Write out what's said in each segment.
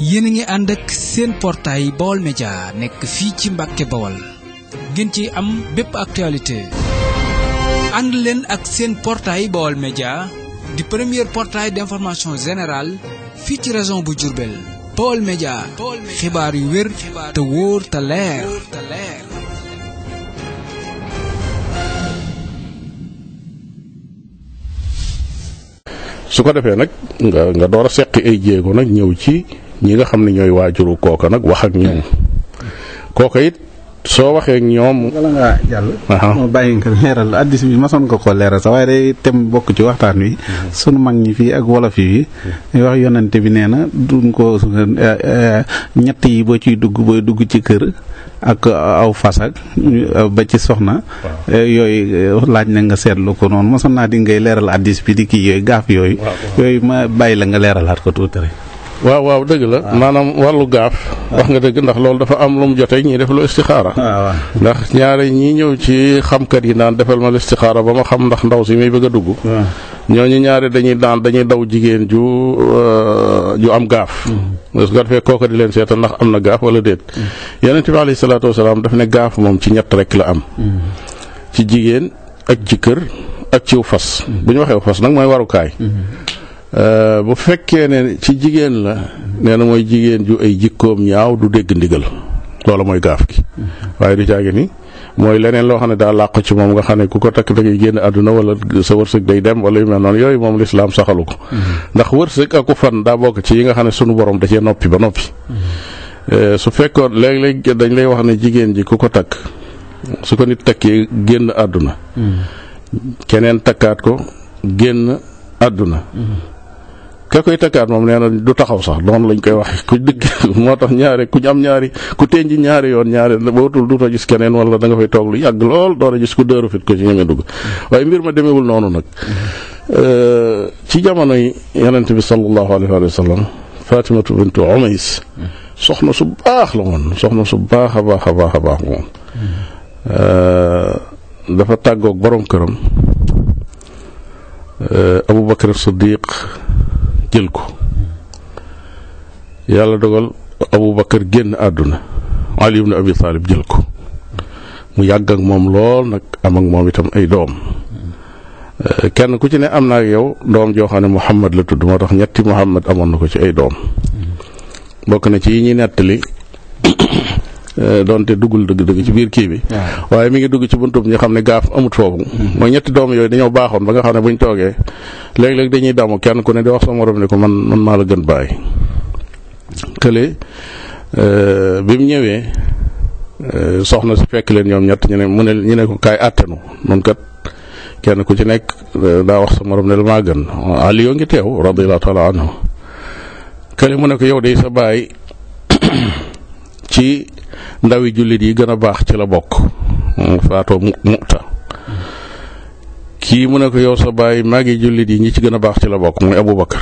yéen a ngi ànd ak seen portail Baol Média nekk fii ci Mbàkke Baol ngeen ci am bépp actualité ànd leen ak seen portaay Baol media di premier portail d'information générale fii ci région bu Diourbel Baol Média xibaar yu wér te wóor te leer su ko defee nag nga nga door a seqi ay jéego nag ñëw ci ñi nga xam ne ñooy waajuru kooka nag wax ak ñoom kooka it soo waxee ñoom. bala ngaa bàyyi nga leeral addis bi masoon nga koo leeral sax waaye day tem bokk ci waxtaan wi. sunu mag ñi fii ak wolof yi. wax yonante bi nee na duñ ko eh, eh, ñett boo ciy dugg booy dugg ci kër ak aw fas ba ci soxna. Eh, yooyu laaj na nga seetlu ko noonu masoon naa di ngay leeral addis bi di kii yooyu yooyu. yooyu ma bàyyi la nga leeralaat ko tuuti rek. waaw waaw dëgg la maanaam wàllu gaaf wax nga dëgg ndax loolu dafa am lu mu jote ñi def lu istixaara ndax ñaare ñi ñëw ci xamkat yi naan defal ma lu istixaara ba ma xam ndax ndaw si may bëgg a dugg ñooñu ñaare dañuy daan dañuy daw jigéen ju euh, ju am gaaf su ko defee kooka di leen seetal ndax am na gaaf wala déet mm. yonente bi alayhi salaatu wasalaam daf ne gaaf moom ci ñett rek la am mm. ci jigéen ak ci kër ak ciw fas mm. bu ñu waxee fas nag mooy warukaay Euh, bu fekkee ne ci jigéen la nee na mooy jigéen ju ay jikkoom ñaaw du dégg ndigal loolu mooy gaaf gi waaye du jaage ni mooy leneen loo xam ne daa làqu ci moom nga xam ne ku ko takk dangay génn àdduna wala sa wërsëg day dem wala yu mel noonu yooyu moom lislaam saxalu ko mm-hmm. ndax wërsëg aku fan daa bokk ci yi nga xam ne sunu borom da noppi ba noppi mm-hmm. euh, su fekkoon léeg-léeg dañ lay wax ne jigéen ji ku ko takk ko nit takkee génn àdduna mm-hmm. keneen takkaat ko génn àdduna ka koy takkaat moom nee na du taxaw sax doon lañ koy waxe ku dëkk moo tax ñaari ku am ñaari ku tenji ñaari yoon ñaari bootul du gis keneen wala danga nga toog lu yàgg lool door a gis ku dëru fit ko ci ñeme dugg waaye mbir ma demeewul noonu nag ci jamono yi yonent bi sallallahu alayhi wa sallam fatimatu bintu umays soxna su baax la woon soxna su baax a baax a baax a baax moom dafa tàggoog borom këram abubakar siddiq jël ko yàlla dogal abu bakar génn àdduna ali ibnu abi jël ko mu yàgg ak moom lool nag am ak moom itam ay doom eh, kenn ku ci ne am naa ak yow doom joo xam ne muhammad la tudd moo tax ñetti muhammad amoon na ko ci ay doom bokk na ci yi ñuy nettali Euh, donte duggul dëgg dugg ci biir kii bi waaye mi ngi dugg ci buntub ñu xam ne gaaf amut foofu mm-hmm. mooy ñetti doom yooyu dañoo baaxoon ba nga xam ne buñ toogee léeg-léeg dañuy damu kenn ku ne di wax sa morom ne ko man man maa la gën bàyyi kële euh, mu ñëwee euh, soxna si fekk leen ñoom ñett ñu ne ñu ne kaay àttanu nun kenn ku ci nekk daa wax morom ne la maa gën Aliou ngi teew radiyallahu taala anhu kële mu ne ko yow day sa bàyyi ci ndawi jullit yi gën a baax ci la bokk faatoo muta kii mu ne ko yow sa bàyyi magi jullit yi ñi ci gën a baax ci la bokk muy Aboubacar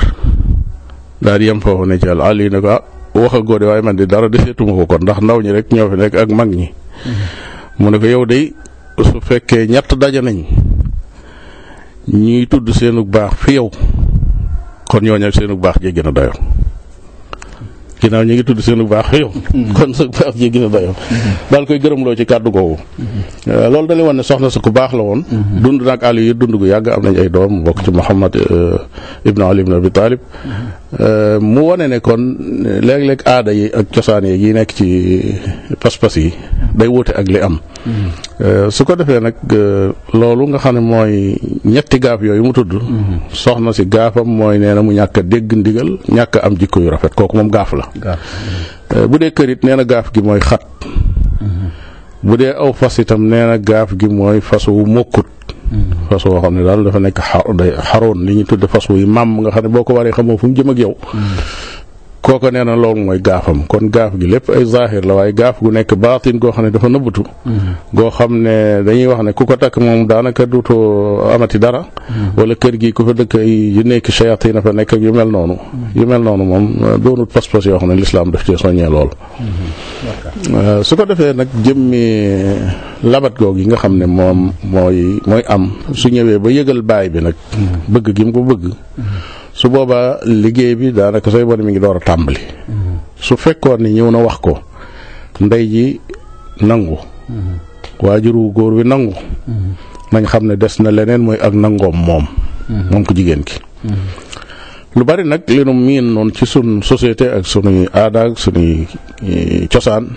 daal di yem foofu ne ci Ali ne ko ah wax a waaye man di dara deseetuma ko kon ndax ndaw ñi rek ñoo fi nekk ak mag ñi mm-hmm. mu ne ko yow day su fekkee ñett daje nañ ñuy tudd seenu baax fi yow kon ñooñu ak seenu baax jéggi na dayo ginnaaw ñu ngi tudd seen bu baax yow. kon sa baax jéggi na dayoo. Mm-hmm. daal koy gërëmloo ci kàddu googu. Euh, loolu da lay ne soxna sa ku baax la woon. Mm-hmm. dund naag àll yi dund gu yàgg am nañ ay doom bokk ci Mouhamad euh, Ibn Ali Ibn Abi Talib mm-hmm. Euh, mu wane ne kon léeg-léeg aada yi ak cosaan yi yi nekk ci pas-pas yi day wute ak li am. Euh, su ko defee nag euh, loolu nga xam ne mooy ñetti gaaf yooyu mu tudd. soxna si gaafam mooy nee na mu ñàkk a dégg ndigal ñàkk am jikko yu rafet kooku moom gaaf la. bu dee kërit it nee na gaaf gi mooy xat. Mm-hmm. bu dee aw fas itam nee na gaaf gi mooy fas mokkut. fas woo xam ne daal dafa nekk xar xaroon li ñu tudde fas wu yi maam nga xam ne boo ko waree xamoo fu mu jëm ak yow kooko nee na loolu mooy gaafam kon gaaf gi lépp ay zaahir la waaye gaaf gu nekk baatin goo xam ne dafa nëbbatu goo xam ne dañuy wax ne ku ko takk moom daanaka duto amati dara wala kër gi ku fa dëkk ay yu nekk shayatin fa nekk ak yu mel noonu yu mel noonu moom doonul pas yoo xam ne lislaam daf ci soññee loolu euh, su ko defee nag jëmmi labat googu yi nga xam ne moom mooy mooy am su ñëwee ba yëgal baay bi nag bëgg gi mu ko bëgg su boobaa liggéey bi daanaka sooy bon mi ngi door a tàmbali. su fekkoon ni ñëw na wax ko ndey ji nangu. waajur wu góor wi nangu. nañ xam ne des na leneen mooy ak nangoom moom. moom ko jigéen ki. lu bari nag li nu miin noonu ci sun société ak sunuy aada ak sunuy eh, cosaan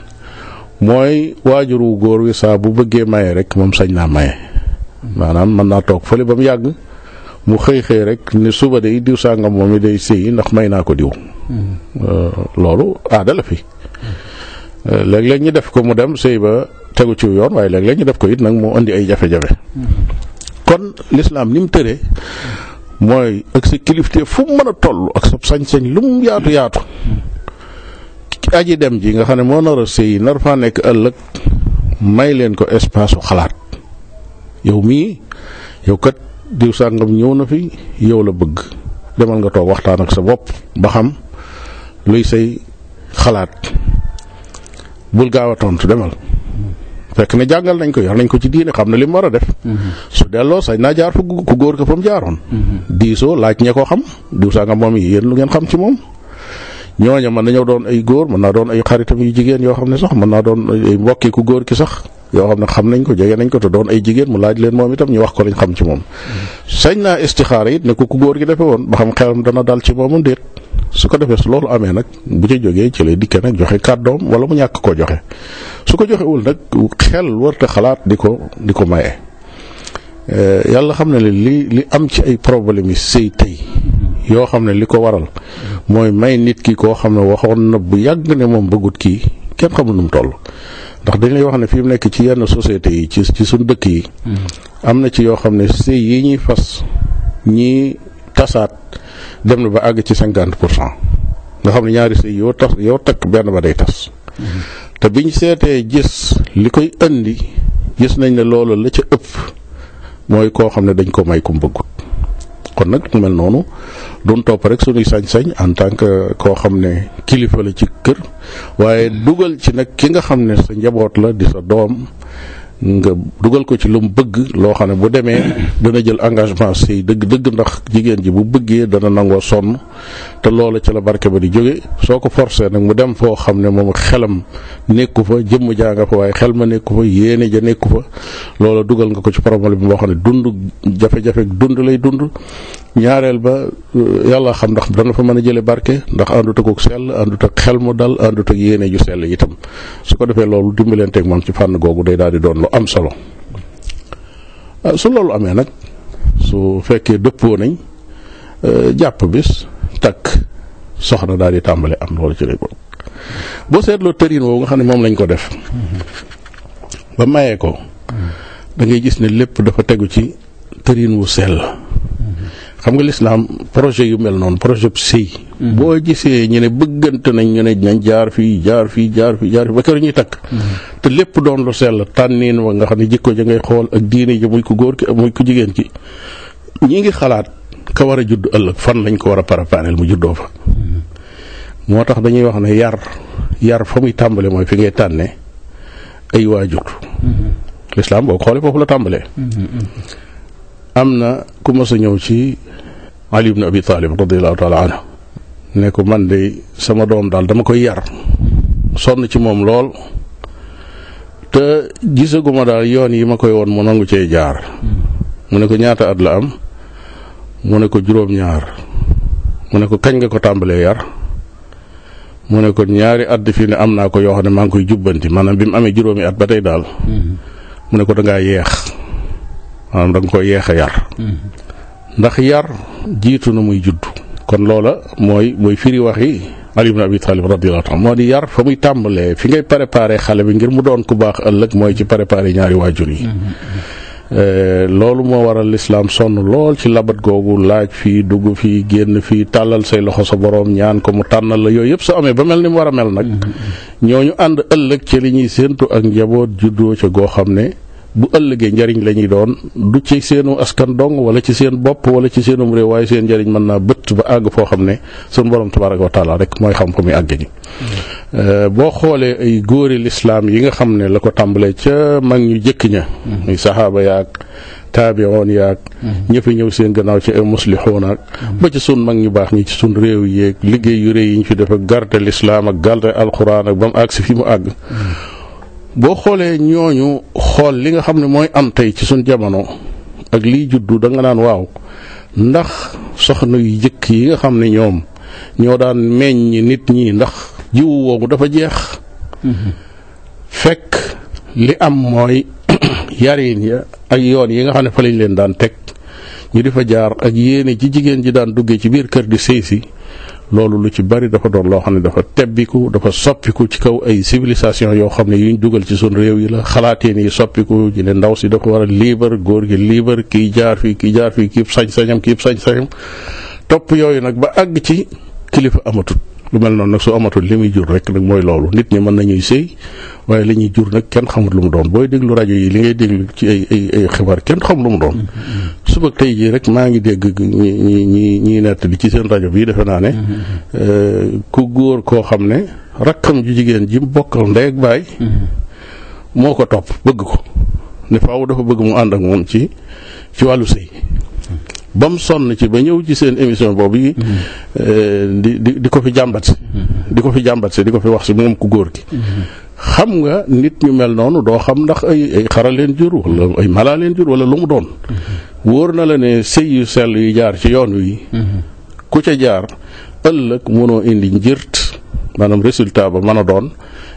mooy waajur wu góor wi saa bu bëggee maye rek moom sañ naa maye. maanaam mën naa toog fële ba mu yàgg. mu xëy xëy rek ne suba day diw sàngam moom day sëy ndax may naa ko diw mm-hmm. euh, loolu aada la fi euh, léeg-léeg ñu def ko mu dem sëy ba tegu ci yoon waaye léeg-léeg ñu def ko it nag mu indi ay jafe-jafe mm-hmm. kon lislaam ni mu tëree mooy ak sa kilifte fu mu mën a toll ak sa sañ-sañ lu mu yaatu yaatu mm-hmm. aji dem ji nga xam ne moo nar a sëy nar faa nekk ëllëg may leen ko espace u xalaat yow mii yow kat diw sàngam ñëw na fi yow la bëgg demal nga toog waxtaan ak sa bopp ba xam luy say xalaat bul gaaw a tontu demal fekk ne jàngal nañ ko yar nañ ko ci diine xam na li mu war a def. Mhm. su delloo sañ naa jaar fu ku góor ki fa mu jaaroon. Mhm. diisoo laaj ñee ko xam diw sàngam moom yi yéen lu ngeen xam ci moom. ñooña mën nañoo doon ay góor mën naa doon ay xaritam yu jigéen yoo xam ne sax mën naa doon ay mbokki ku góor ki sax. yoo xam ne xam nañ ko jege nañ ko te doon ay jigéen mu laaj leen moom itam ñu wax ko lañ xam ci moom. sañ naa istixaara it ne ko ku góor gi defee woon ba xam xelam dana dal ci moomu déet su ko defee su loolu amee nag bu ca jógee ci lay dikkee nag joxe kàddoom wala mu ñàkk ko joxe su ko joxewul nag xel warta xalaat di ko di ko maye. Eh, yàlla xam ne li li am ci ay problème yi sëy tey yoo xam ne li ko waral mooy may nit ki koo xam ne waxoon na bu yàgg ne moom bëggut kii kenn xamul nu mu toll. ndax dañ lay wax ne fii mu nekk ci yenn sociétés yi ci ci suñ dëkk yi. Mm. am na ci yoo xam ne sëy yi ñuy fas ñii tasaat dem na ba àgg ci cinquante pour cent nga xam ne ñaari sëy yoo tas takk benn ba day tas. Mm-hmm. te biñ seetee gis li koy indi gis nañ ne loolu la ci ëpp mooy koo xam ne dañ ko may kum bëggut. kon nag mel noonu doon topp rek suñuy sañ-sañ en tant que koo xam ne kilifa la ci kër waaye dugal ci nag ki nga xam ne sa njaboot la di sa doom nga dugal ko ci lu mu bëgg loo xam ne bu demee dana jël engagement sëy dëgg dëgg ndax jigéen ji bu bëggee dana nangoo sonn te loola ci la barke ba di jóge soo ko forcé nag mu dem foo xam ne moom xelam nekku fa jëmm jaa nga fa waaye xel ma nekku fa yéene ja nekku fa loola dugal nga ko ci problème bi boo xam ne dund jafe-jafe dund lay dund ñaareel ba euh, yàlla xam ndax dana fa mën a jële barke ndax àndut ak sell àndut ak xel mu dal àndut ak yéene ju sell itam su ko defee loolu dimbalanteeg moom ci fànn googu day daal di doon lo am solo ah, su loolu amee nag su fekkee dëppoo nañ eh, jàpp bis takk soxna daal di tàmbale am loolu ci lay bokk boo seetloo tërin woowu nga xam ne moom lañ ko def ba maye ko da ngay gis ne lépp dafa tegu ci tërin wu la mm-hmm. xam nga lislaam projet yu mel noonu projet bu sëy Mm-hmm. boo gisee ñu ne bëggante nañ ñu ne nañ jaar fii jaar fii jaar fii ba kër ñu takk mm-hmm. te lépp doon lu sell tànniin wa nga xam ne jikko ja ngay xool ak diine ji muy ko góor ki ak muy ko jigéen ki ñi ngi xalaat ka war a judd ëllëg fan lañ ko war a parapaaneel mu juddoo fa mm-hmm. moo tax dañuy wax ne yar yar fa muy tàmbale mooy fi ngay tànne ay waajur lislaam boo xoolee foofu la tàmbalee am na ku mas a ñëw ci Ali ibn Abi Talib radiallahu taala anhu ne ko man de sama doom dal dama koy yar sonn ci moom lool te gisaguma daal yoon yi ma koy woon mu nangu cee jaar mu ne ko ñaata at la am mu ne ko juróom ñaar mu ne ko kañ nga ko tàmbalee yar mu ne ko ñaari at fi ne am naa ko yoo xam ne maa ngi koy jubbanti maanaam bi mu amee juróomi at ba mu ne ko da ngaa yeex maanaam da nga ko yeex a yar mm-hmm. ndax yar jiitu na muy juddu kon loola mooy mooy firi waxi Ali ibn Abi Talib radiyallahu anhu moo di yar fa muy tàmbalee fi ngay préparé xale bi ngir mu doon ku baax ëllëg mooy ci préparé ñaari waajur yi. Eh, loolu moo waral lislaam sonn lool ci labat googu laaj fii dugg fii génn fii tàllal say loxo sa boroom ñaan ko mu tànnal la yooyu yëpp su amee ba mel ni mu war a mel nag. ñooñu ànd ëllëg ci li ñuy séentu ak njaboot juddoo ca goo xam ne. bu ëllëgee njariñ la ñuy doon du ci seenu askan dong wala ci seen bopp wala ci seenum réew waaye seen njariñ mën naa bëtt ba àgg foo xam ne sun borom tabaraka wa rek mooy xam ko muy àgg ji euh, boo xoolee ay góori lislaam yi nga xam ne la ko tàmbalee ca mag ñu jëkk ña muy saxaaba yaag taabiyoon ñëw seen gannaaw ci ay muslixuun ak sun mag ñu baax ñi ci sun réew yéeg liggéey yu réy yi ñu fi def ak garde lislaam ak garde alxuraan ak ba mu àgg si fi mu àgg boo xoolee ñooñu xool li nga xam ne mooy am tey ci suñ jamono ak liy juddu danga nga naan waaw ndax soxna yu jëkk yi nga xam ne ñoom ñoo daan meññ nit ñi ndax jiwu woowu dafa jeex mm-hmm. fekk li am mooy yarin ya ak yoon yi nga xam ne fa lañ leen daan teg ñu di fa jaar ak yéene ci jigéen ji daan duggee ci biir kër di sëy si loolu lu ci bari dafa doon loo xam ne dafa tebbiku dafa soppiku ci kaw ay civilisation yoo xam ne yu ñu dugal ci sun réew yi la xalaatee yi soppiku ñu ne ndaw si dafa war a liibar góor gi liibar kii jaar fii kii jaar fii kii sañ-sañam kii sañ-sañam topp yooyu nag ba àgg ci kilifa amatut lu mel noonu nag su amatul li muy jur rek nag mooy loolu nit ñi mën nañuy sëy waaye li ñuy jur nag kenn xamut lu mu doon booy déglu rajo yi li ngay déglu ci ay ay kenn xam lu mu doon. suba tey jii rek maa ngi dégg ñi ñi ñi ñi nettali ci seen rajo bii defe naane ne. Eh, ku góor koo xam ne rakkam ju jigéen ji mu bokkal ndey ak baay. moo ko topp bëgg ko ne faaw dafa bëgg mu ànd ak moom ci ci wàllu sëy. ba mu sonn ci ba ñëw ci seen émission boobu yi. Mm-hmm. Euh, di di di ko fi jàmbat si. Mm-hmm. di ko fi jàmbat si di ko fi wax si moom ku góor gi. Mm-hmm. xam nga nit ñu mel noonu doo xam ndax ay ay xara leen jur wala ay mala leen jur wala lu mu doon. wóor na la ne sëy yu sell yu jaar ci yoon wi. ku ca jaar ëllëg mënoo indi njirt maanaam résultat ba mën a doon.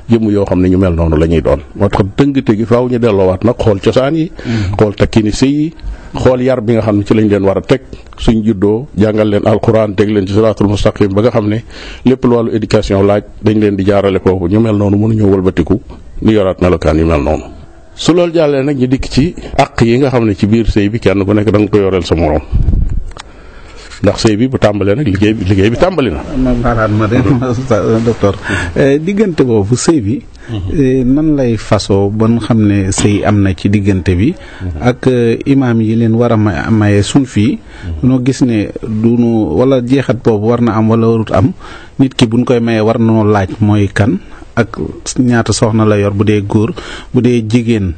jëmm yoo xam ne ñu mel noonu la ñuy doon moo tax dëngte gi faaw ñu delloowaat nag xool cosaan yi mm-hmm. xool takkini sëy yi xool yar bi nga xam ne ci lañ leen war a teg suñ juddoo jàngal leen alquran teg leen ci siraatul mustaqim ba nga xam ne lépp lu wàllu éducation laaj dañ leen di jaarale foofu ñu mel noonu mënuñoo wëlbatiku ni yoraat melokaan yu mel noonu su lool jàllee nag ñu dikk ci àq yi nga xam ne ci biir sëy bi kenn bu nekk da nga ko yoreel sa ndax sëy bi bu tàmbalee nag liggéey bi liggéey bi tàmbali na. ma ma de eh, diggante boobu sëy bi. Mhm. Eh, nan lay façon ba nga xam ne sëy am na ci diggante bi. Mhm. ak eh, imaam yi leen war a maye suñ fii. Mhm. noo gis ne du nu wala jeexat boobu war na am wala warut am nit ki buñ koy mayee war noo laaj mooy kan ak ñaata soxna la yor bu dee góor bu dee jigéen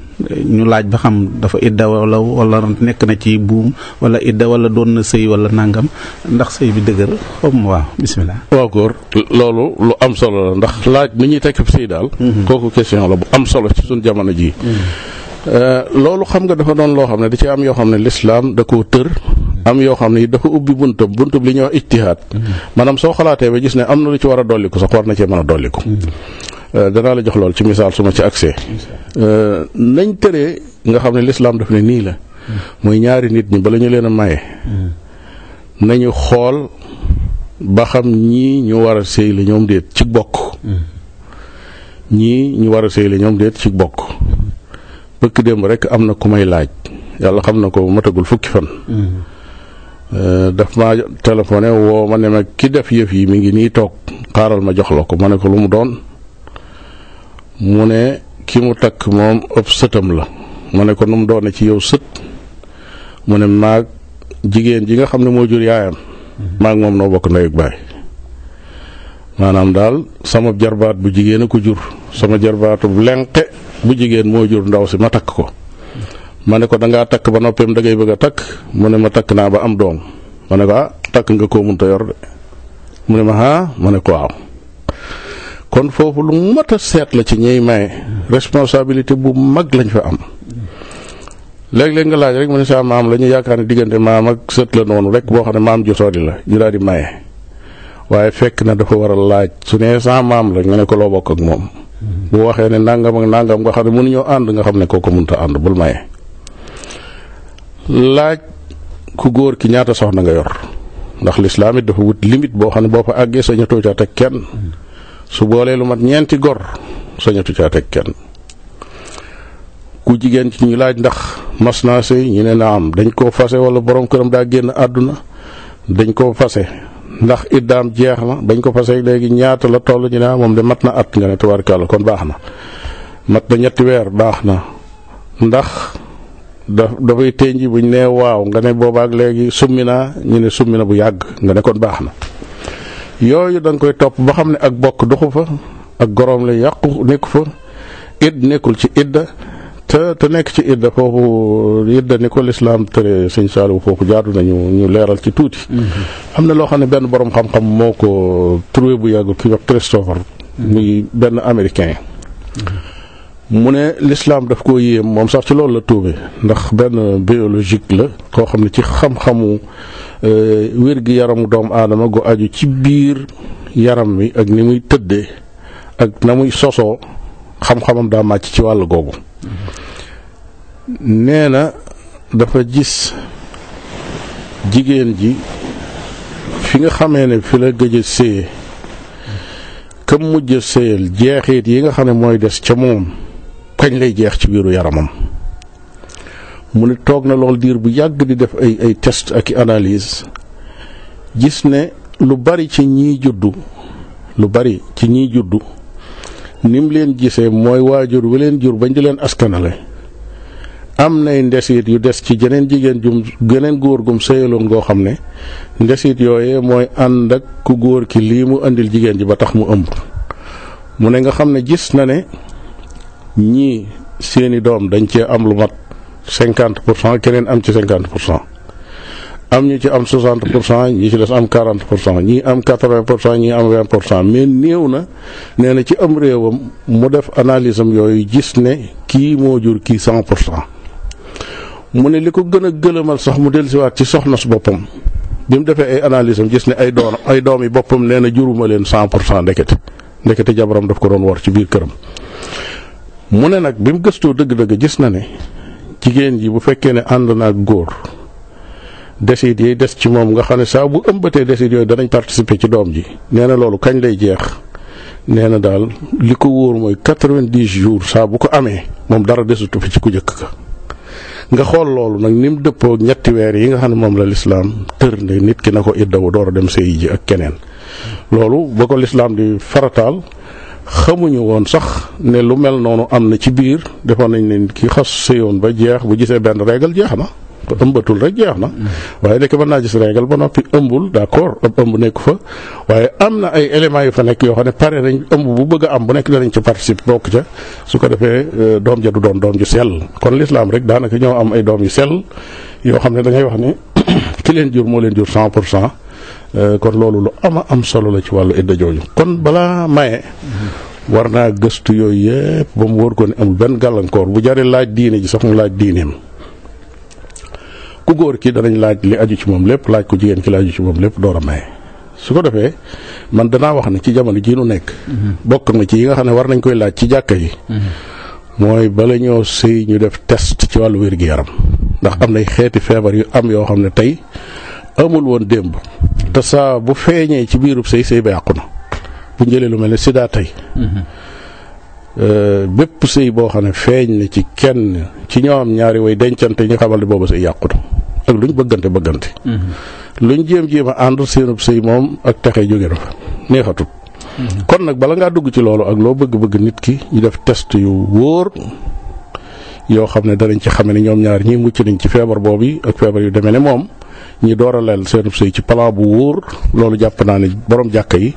ñu laaj ba xam dafa idda wala wala nekk na ci buum wala idda wala doon na sëy walla nangam ndax sëy bi dëgër xom waaw bisimilah. waaw góor loolu lu am solo la ndax laaj ni ñuy tekk sëy daal. Mhm. kooku question la bu am solo ci suñu jamono jii. Mhm. Euh, loolu xam nga dafa doon loo xam ne di ci am yoo xam ne lislaam da koo tër am yoo xam ne dafa ubbi buntab buntab li ñuy wax ijtihaad maanaam soo xalaatee ba gis ne am na lu ci war a dolliku sax war na cee mën a dolliku euh, danaa la jox lool ci misaal suma ma ci accès euh, nañ tëree nga xam ne lislaam daf ne nii la mooy ñaari nit ñi bala ñu leen a maye nañu xool ba xam ñii ñu war a sëy la ñoom déet ci bokk ñii ñu war a sëy la ñoom déet ci bokk bëkk démb rek am na ku may laaj yàlla xam na ko matagul fukki fan Euh, daf ma téléphoné woo ma ne ma ki def yëf yi mi ngi nii toog xaaral ma jox la ko ma ne ko lu mu doon mu ne ki mu takk moom ëpp sëtam la ma ne ko nu mu doone ci yow sët mu ne maag jigéen ji nga xam ne moo jur yaayam mhm. maag moom noo bokk ndey ak baay maanaam daal sama jarbaat bu jigéen a ko jur sama jarbaatu bu lenqe bu jigéen moo jur ndaw si ma takk ko ma ne ko dangaa takk ba noppeem dangay bëgg a takk mu ne ma takk naa ba am doom ma ne ko ah takk nga koo munta yor de mu ne ma ah ma ne ko waaw kon foofu lu mat a seet la ci ñey maye responsabilité bu mag lañu fa am léeg-léeg nga laaj rek mu ne sa maam la ñu yaakaar ne diggante maam ak sët la noonu rek boo xam ne maam ju sori la ñu daal di maye waaye fekk na dafa war a laaj su nee sa maam la nga ne ko loo bokk ak moom bu waxee ne nangam ak nangam nga xam ne mënuñoo ànd nga xam ne kooku munta ànd bul maye laaj ku góor ki ñaata soxna nga yor ndax l'islam dafa wut limite boo xam ne boo fa àggee sañatoo caa teg kenn su boolee lu mat ñeenti gor sañatu caa teg kenn ku jigéen ci ñu laaj ndax mas naa sëy ñu ne na am dañ koo fase wala borom këram daa génn àdduna dañ koo fase ndax idam jeex na bañ ko fase léegi ñaata la toll ñu ne ah, moom de mat na at nga ne kon baax mat na ñetti weer baax ndax daf dafay tënji bu ñu nee waaw nga ne boobaak léegi summi naa ñu ne summi na bu yàgg nga ne kon baax na yooyu da nga koy topp ba xam ne ak bokk duxu fa ak gorom la yàqu nekku fa id nekkul ci idda te te nekk ci idda foofu idda ni ko lislaam tere sëñ Saliou foofu jaadu nañu ñu leeral ci tuuti mm-hmm. am na loo xam ne benn borom xam-xam moo ko trouvé bu yàggul ki wax Christopher muy benn américain mm-hmm. mu ne lislaam daf koo yéem moom sax ci loolu la tuube ndax benn biologique la koo xam ne ci xam-xamu euh, yaramu doomu aadama gu aju ci biir yaram wi ak ni muy tëddee ak na muy sosoo xam-xamam daa màcc ci wàll googu nee na dafa gis jigéen ji fi nga xamee ne fi la gëj a séye kam mujj a séyal yi nga xam ne mooy des ca moom kañ lay jeex ci biiru yaramam mu ne toog na lool diir bu yàgg di def ay ay test ak i gis ne lu bari ci ñiy juddu lu bari ci ñiy juddu nim leen gisee mooy waajur wi leen jur bañ di leen askanale am nay ndesit yu des ci jeneen jigéen jum geneen góor gum sëyaloon goo xam ne ndesit yooye mooy ànd ak ku góor ki lii mu indil jigéen ji ba tax mu ëmb mu ne nga xam ne gis na ne ñii seeni doom dañ cee am lu mat cinquante pour cent keneen am ci cinquante pour cent am ñu ci am soixante pour cent ñi ci des am quarante pour cent ñii am quatre-vingt pour cent ñii am vingt pour cent néew na nee na ci am réewam mu def analyse am yooyu gis ne kii moo jur kii cent pour cent mu ne li ko gën a gëlëmal sax mu dellusiwaat ci soxna su boppam bi mu defee ay analyse am gis ne ay doon ay doom yi boppam nee na juruma leen cent pour cent ndekete ndekete jabaram daf ko doon war ci biir këram mu ne nag bi mu gëstoo dëgg-dëgg gis na ne jigéen ji bu fekkee ne ànd na ak góor desit yi des ci moom nga xam ne saa bu ëmbatee desit yooyu danañ participer ci doom ji nee na loolu kañ lay jeex nee na daal li ko wóor mooy quatre-vingt-dix jours saa bu ko amee moom dara desutu fi ci ku jëkk ka nga xool loolu nag ni mu dëppoo ñetti weer yi nga xam ne moom la lislaam tër ne nit ki na ko iddawu door a dem sëy ji ak keneen loolu ba ko lislaam di farataal xamuñu woon sax ne lu mel noonu am na ci biir defoon nañ ne ki xas sëyoon ba jeex bu gisee benn régal jeex na te ëmbatul rek jeex na waaye léegi mën naa gis régal ba noppi ëmbul d'accord ab ëmb nekk fa waaye am na ay éléments yu fa nekk yoo xam ne pare nañ ëmb bu bëgg am bu nekk danañ ci participe bokk ca su ko defee euh, doom ja du doom ju sell kon lislaam rek daanaka ñoo am ay doom yu sel yoo xam ne dangay wax ni ki leen jur moo leen jur cent pour cent Euh, kon loolu lu ama am solo la ci wàllu idda jooju kon balaa maye war naa gëstu yooyu yëpp ba mu wóor ko ne amul benn gàllankoor bu jaree laaj diine ji sax mu laaj diineem ku góor ki danañ laaj li aju ci moom lépp laaj ko jigéen ki la aju ci moom lépp door a maye su ko defee man danaa wax ne ci jamono ji nu nekk bokk na ci yi nga xam ne war nañ koy laaj ci jàkka yi mooy bala ñoo sëy ñu def test ci wàllu wér-gi-yaram ndax am nay xeeti feebar yu am yoo xam ne tey amul woon démb te saa bu feeñee ci biirub sëy sëy ba yàqu na bu njëlee lu mel ne sida tey euh, bépp sëy boo xam ne feeñ na ci kenn ci ñoom ñaari way dencante ñu xamal ne boobu sëy yàqu na ak luñ bëggante bëggante luñ jéem jéem a ànd seenub sëy moom ak texe jóge na fa neexatut kon nag bala ngaa dugg ci loolu ak loo bëgg-bëgg nit ki ñu def test yu wóor yoo xam ne danañ ci xame ne ñoom ñaar ñii mucc nañ ci feebar boobu ak feebar yu demee ne moom ñu dooraleel seenub sëy ci plan bu wóor loolu jàpp naa ne boroom jàkka yi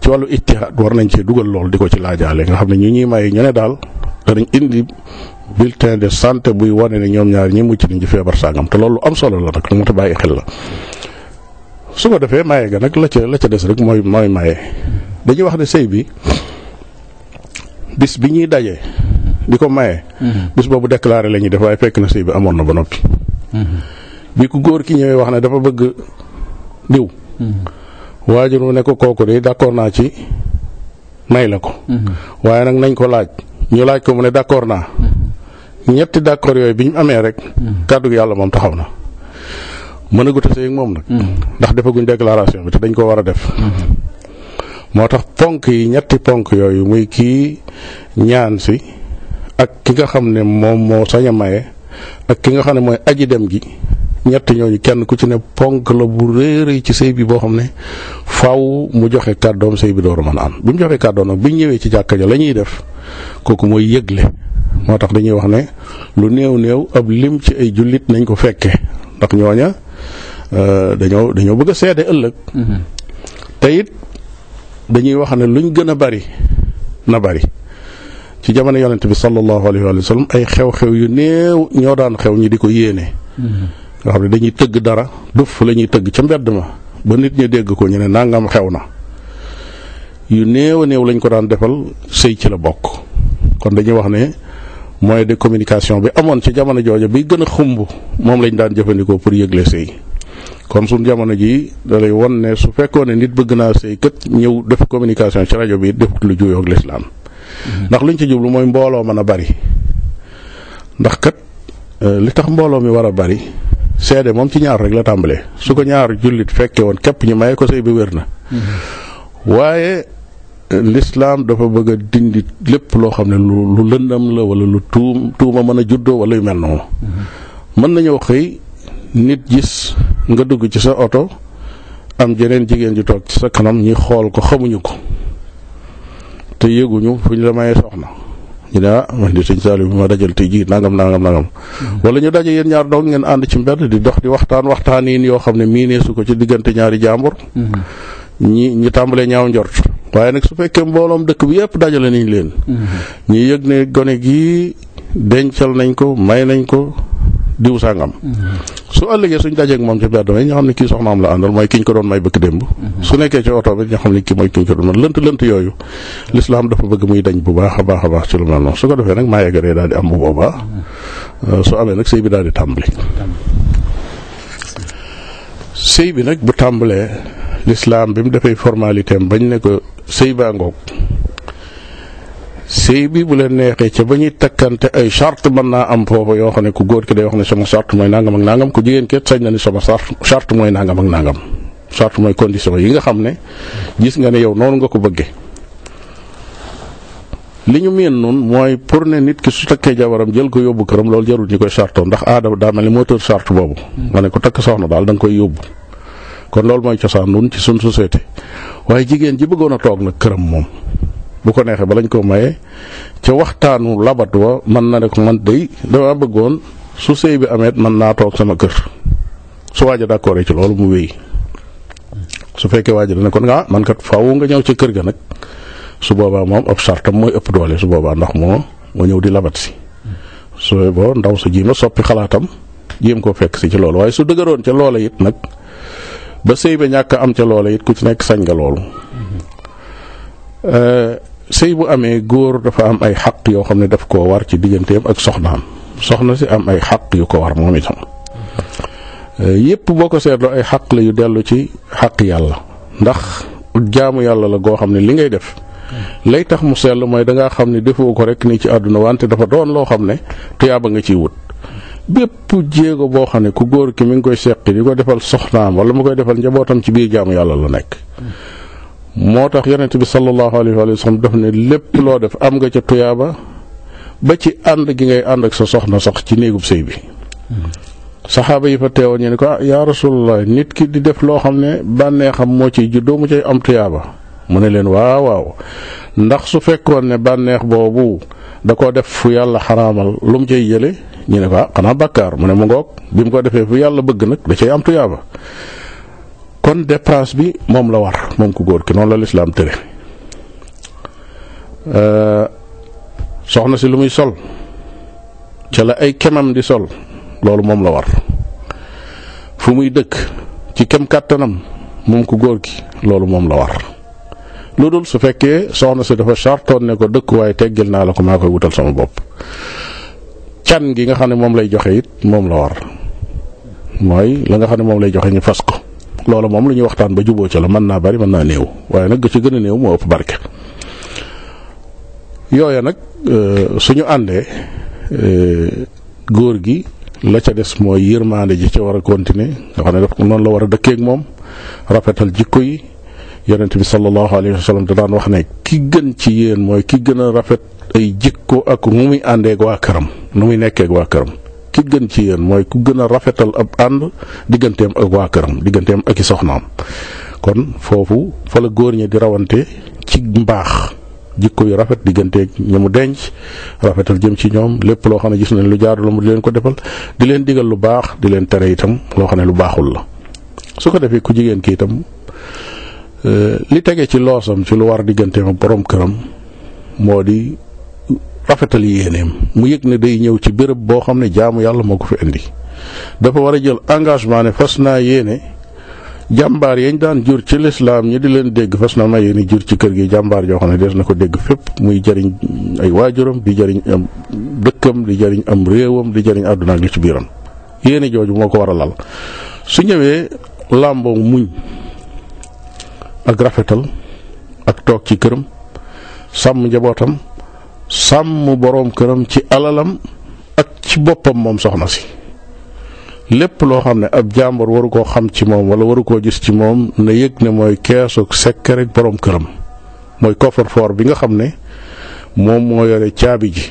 ci wàllu ittihaad war nañ cee dugal loolu di ko ci laajaale nga xam ne ñu ñuy may ñu ne daal danañ indi bulletin de santé buy wane ne ñoom ñaar ñi mucc nañ ci feebar sàngam te loolu am solo la nag lu ma ta bàyyi xel la su ko defee maye ga nag la ca la ca des rek mooy mooy maye dañuy wax ne sëy bi bis bi ñuy daje di ko maye mm-hmm. bis boobu déclaré la ñuy def waaye fekk na sëy bi amoon na ba noppi mm-hmm. bi ku góor ki ñëwee wax ne dafa bëgg diw mm-hmm. waajur mu ne ko kooku de d'accord naa ci may la ko mm-hmm. waaye nag nañ ko laaj ñu laaj ko mu ne d'accord naa mm-hmm. ñetti d'accord yooyu bi ñu amee rek kàddu yàlla moom taxaw na mën a guta sëy moom nag ndax defaguñ déclaration bi te dañ koo war a def moo tax ponk yi ñetti ponk yooyu muy kii ñaan si ak ki nga xam ne moom moo sañ a maye ak ki nga xam ne mooy aji dem gi ñett ñooñu kenn ku ci ne ponk la bu réeréy ci sëy bii boo xam ne faw mu joxe kàddoom sëy bi dooru mën a bi mu joxee kàddoom nag bi ñu ñëwee ci jàkk ja la ñuy def kooku mooy yëgle moo tax dañuy wax ne lu néew néew ab lim ci ay jullit nañ ko fekke ndax ñooña euh, dañoo dañoo bëgg a seede ëllëg mm-hmm. te it dañuy wax ne luñ gën a bari na bari ci jamono yonent bi sallallahu alayhi wa sallam ay xew-xew yu néew ñoo daan xew ñi di ko yéene mm-hmm. nga xam ne dañuy tëgg dara duf la ñuy tëgg ca mbedd ma ba nit ñi dégg ko ñu ne nangam xew na yu néew néew lañ ko daan defal sëy ci la bokk kon dañuy wax ne mooy de communication bi amoon ci jamono jooja bi gën a xumb moom lañ daan jëfandikoo pour yëgle sëy kon su jamono ji da lay won ne su fekkoon ne nit bëgg naa sëy kët ñëw def communication ci rajo bi defut lu juyoog lislaam mm-hmm. ndax luñ ci jublu mooy mbooloo mën a bari ndax kat euh, li tax mbooloo mi war a bari seede moom ci ñaar rek la tàmbalee su ko ñaar jullit fekke woon képp ñu maye ko sëy bi wér na waaye euh, lislaam dafa bëgg a dindi lépp loo xam ne lu lu lëndam la wala lu tuum tuuma mën a juddoo wala yu mel noonu mën nañoo xëy nit gis nga dugg ci sa oto am jeneen jigéen ju toog ci sa kanam ñi xool ko xamuñu ko te yëguñu fu ñu la mayee soxna ñu ne ah man dajal tey jii nangam nangam nangam mm-hmm. wala ñu daje yéen ñaar ngeen ànd ci mbedd di dox di waxtaan waxtaan yi yoo xam ne miinee su ko ci diggante ñaari jàmbur mm-hmm. ñi ñi tàmbalee ñaaw njor waaye nag su fekkee mbooloom dëkk bi yépp dajale nañ leen mm-hmm. ñu yëg ne gone gi dencal nañ ko may nañ ko diw sàngam su ëllëgee suñ dajeeg moom ci mbedd yi ñu xam ne kii am la àndal mooy ki ñu ko doon may bëkk démb su nekkee ci oto bi ñu xam ne kii mooy ki ñu ko doon may lënt lënt yooyu lislaam dafa bëgg muy dañ bu baax a baax baax ci lu mel noonu su ko defee nag maa yeggaree daal di am bu boobaa euh, su amee nag sëy bi daal di tàmbali sëy bi nag bu tàmbalee lislaam bi mu defee formalité am bañ ne ko sëy baa ngoog sëy bi bu leen neexee ca ba ñuy takkante ay charte mën naa am foofu yoo xam ne ku góor ki day wax ne sama charte mooy nangam ak nangam ku jigéen kat sañ na ni sama mooy nangam ak nangam charte mooy yi nga xam ne gis nga ne yow noonu nga ko bëggee. li ñu miin noonu mooy pour ne nit ki su takkee jabaram jël ko yóbbu këram loolu jarul ñu koy chartoo ndax aada daa mel ni moteur charte boobu. nga ne ko takk soxna daal danga koy yóbbu. kon loolu mooy cosaan nun ci suñ société waaye jigéen ji bëggoon a toog nag këram moom. bu ko neexee ba lañ ko maye ca waxtaanu labat wa man na ne ko man day dama bëggoon su sëy bi ameet man naa toog sama kër su waaja d'accord ci loolu mu wéy su fekkee waaja ne kon nga ah man kat faaw nga ñëw ci kër ga nag su boobaa moom ab sartam mooy ëpp doole su boobaa ndax moo mo ñëw di labat si su bo ndaw sa jiima soppi xalaatam jéem ko fekk si ci loolu waaye su dëgëroon ca loola it nag ba sëy bi ñàkk am ca loola it ku ci nekk sañ nga loolu mm-hmm. euh, sëy bu amee góor dafa am ay xaq yoo xam ne daf koo war ci digganteem ak soxnaam soxna si am ay xaq yu ko war moom itam euh, yépp boo ko seetloo ay xaq la yu dellu ci xaq yàlla ndax jaamu yàlla la goo xam ne li ngay def lay tax mu sell mooy dangaa xam ne defoo ko rek ni ci àdduna wante dafa doon loo xam ne tuyaaba nga ciy wut bépp jéego boo xam ne ku góor ki mi ngi koy seqi di ko defal soxnaam wala mu koy defal njabootam ci biir jaamu yàlla la nekk moo tax yonent bi sallallahu alayhi wa sallam daf ne lépp loo def am nga ca tuyaaba ba ci ànd gi ngay ànd ak sa soxna sax ci néegub sëy bi saxaaba yi fa teewoon ñu ne ko ah yaa rasulallah nit ki di def loo xam ne bànneexam moo ciy juddoo mu cay am tuyaaba mu ne leen waaw waaw ndax su fekkoon ne bànneex boobu da koo def fu yàlla xaraamal lu mu cay jële ñu ne ko ah xanaa bàkkaar mu ne mu ngoog bi mu ko defee fu yàlla bëgg nag da cay am tuyaaba kon bi moom la war moom ku góor ki noonu la lislaam tëre euh, soxna si lu muy sol ca la ay kemam di sol loolu moom la war fu muy dëkk ci kem kàttanam moom ku góor ki loolu moom la war lu dul su fekkee soxna si dafa sartoon ne ko dëkk waaye teggil naa la ko maa koy wutal sama bopp can gi nga xam ne moom lay joxe it moom la war mooy la nga xam ne moom lay joxe ñu fas ko loolu moom lu ñuy waxtaan ba juboo ca la man naa bari mën naa néew waaye nag ci gën a néew moo ëpp barke yooya nag euh, suñu àndee euh, góor gi la ca des mooy yërmaande ji ca war a continuer nga xam ne daf noonu la war a dëkkeek moom rafetal jikko yi yonent bi sallallahu alayhi wa da daan wax ne ki gën ci yéen mooy ki gën a rafet ay jikko ak nu muy àndeeg waa këram nu muy nekkeek waa këram ki gën ci yeen mooy ku gën a rafetal ab ànd digganteem ak waa këram digganteem ak i soxnaam kon foofu fa la góor ñi di rawante ci mbaax jikko yu rafet digganteeg ñi mu denc rafetal jëm ci ñoom lépp loo xam ne gis nañ lu lu mu di leen ko defal di leen digal lu baax di leen tere itam loo xam ne lu baaxul la su ko defee ku jigéen ki itam euh, li tege ci loosam ci lu war digganteem ak borom këram moo di rafetal yéeneem mu yëg ne day ñëw ci béréb boo xam ne jaamu yàlla moo ko fi indi dafa war a jël engagement ne fas naa yéene jàmbaar yañ daan jur ci lislaam ñu di leen dégg fas naa ma yéene jur ci kër gi jàmbaar joo xam ne des na ko dégg fépp muy jariñ ay waajuram di jariñ am dëkkam di jariñ am réewam di jariñ àdduna ak li ci biiram yéene jooju moo ko war a lal su ñëwee làmboo muñ ak rafetal ak toog ci këram sàmm njabootam sàmm boroom këram ci alalam ak ci boppam moom soxna si lépp loo xam ne ab jàmbur waru koo xam ci moom wala waru koo gis ci moom na yëg ne mooy keesu sekkerek boroom këram mooy coffre-fort bi nga xam ne moom moo yore caabi ji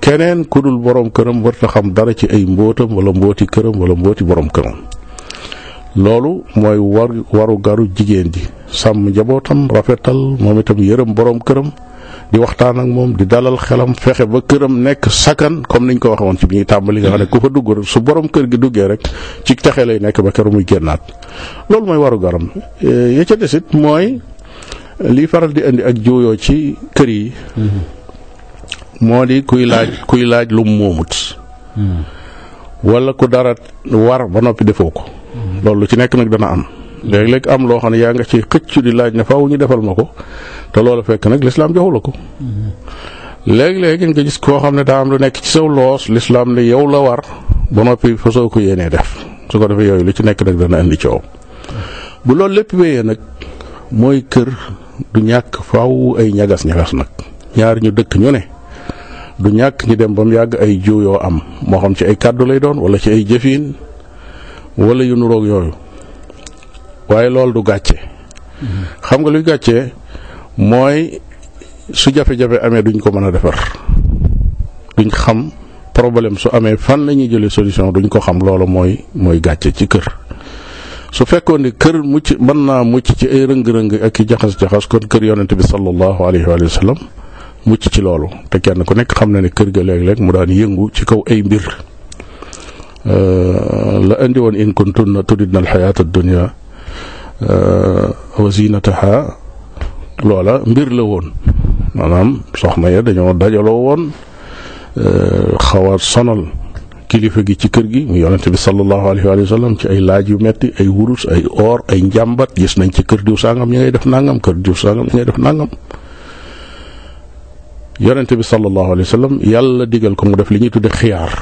keneen ku dul boroom këram war warta xam dara ci ay mbóotam wala mbóoti këram wala mbóoti boroom këram loolu mooy war waru garu jigéen ji sàmm njabootam rafetal moom itam yërëm boroom këram di waxtaan ak moom di dalal xelam fexe ba këram nekk sakan comme niñ ko waxe woon ci bi ñuy tàmbali nga xam ne ku fa dugg su borom kër gi duggee rek ci texe lay nekk ba kër muy génnaat loolu mooy waru garam eh, ya ca desit mooy li faral di andi ak juuyoo ci kër yi moo di kuy laaj kuy laaj lu moomut hmm. wala ku dara war ba noppi defoo ko hmm. loolu ci nekk nag dana am léeg-léeg am loo xam ne yaa nga ci xëcc di laaj na faaw ñu defal ma ko te loolu fekk nag lislaam joxu la ko. léeg-léeg nga gis koo xam ne daa am lu nekk ci saw loos lislaam ne yow la war ba noppi fa soo ko yéenee def su ko defee yooyu lu ci nekk nag dana andi coow bu loolu lépp wéyee nag mooy kër du ñàkk faw ay ñagas-ñagas nag ñaar ñu dëkk ñu ne du ñàkk ñu dem ba mu yàgg ay jiw yoo am moo xam ci ay kàddu lay doon wala ci ay jëfin wala yu nuroog yooyu waaye loolu du gàcce xam nga luy gàcce mooy su jafe-jafe amee duñ ko mën a defar duñ xam problème su amee fan la ñuy jëlee solution duñ ko xam loolu mooy mooy gàcce ci kër su fekkoon ni kër mucc mën naa mucc ci ay rëng-rëng ak i jaxas-jaxas kon kër yonent bi sallallahu alayhi wa sallam mucc ci loolu te kenn ku nekk xam na ne kër ga léeg-léeg mu daan yëngu ci kaw ay mbir euh, la indi woon in kuntunna turidna alxayaata addunia Euh, wa zinataha loola mbir la woon maanaam soxna ya dañoo dajaloo woon euh, xaw a sonal kilifa gi ci kër gi mu yonente bi sallallahu alayhi wa ci ay laaj yu metti ay wurus ay or ay njàmbat gis nañ ci kër diw sàngam ñi ngay def nangam kër diw sàngam ngay def nangam yonente bi sallallahu alayhi wa sallam yàlla digal ko mu def li ñuy tudde xiyaar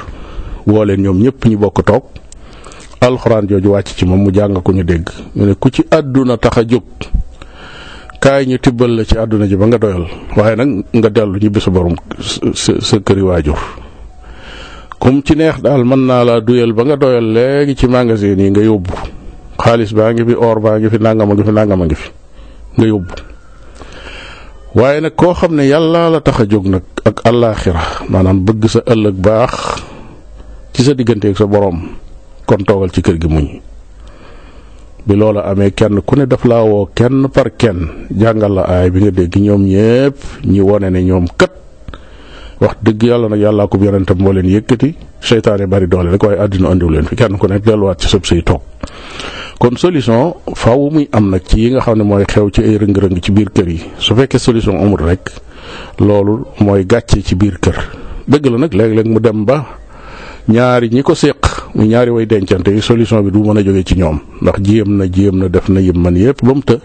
woo leen ñoom ñëpp ñu bokk toog alquran joju wàcc ci moom mu jàng ko ñu dégg mu ne ku ci àdduna tax a jóg kaay ñu tibbal la ci àdduna ji ba nga doyal waaye nag nga dellu bisu borom sa waajur kum ci neex daal mën naa laa duyal ba nga doyal léegi ci magasin yi nga yóbbu xaalis baa ngi fi or baa ngi fi nangam a ngi fi nangam a ngi fi nga yóbbu waaye nag koo xam ne la tax a jóg nag ak maanaam bëgg sa ëllëg baax ci sa digganteeg sa borom kon toogal ci kër gi muñ bi loolu amee kenn ku ne daf laa woo kenn par kenn jàngal la aay bi nga dégg ñoom ñépp ñi wone ne ñoom kat wax dëgg yàlla nag yàllaa ko yonentam moo leen yëkkati seytaane bari doole rek waaye àddina andiw leen fi kenn ku nekk delluwaat ci sëb say toog kon solution faaw muy am nag ci yi nga xam ne mooy xew ci ay rëng-rëng ci biir kër yi su fekkee solution amul rek loolu mooy gàcce ci biir kër dëgg la nag léeg-léeg mu dem ba ñaari ñi ko mu ñaari way dencante yi solution bi du mën a jóge ci ñoom ndax jéem na jéem na def na yim man yëpp ba mu të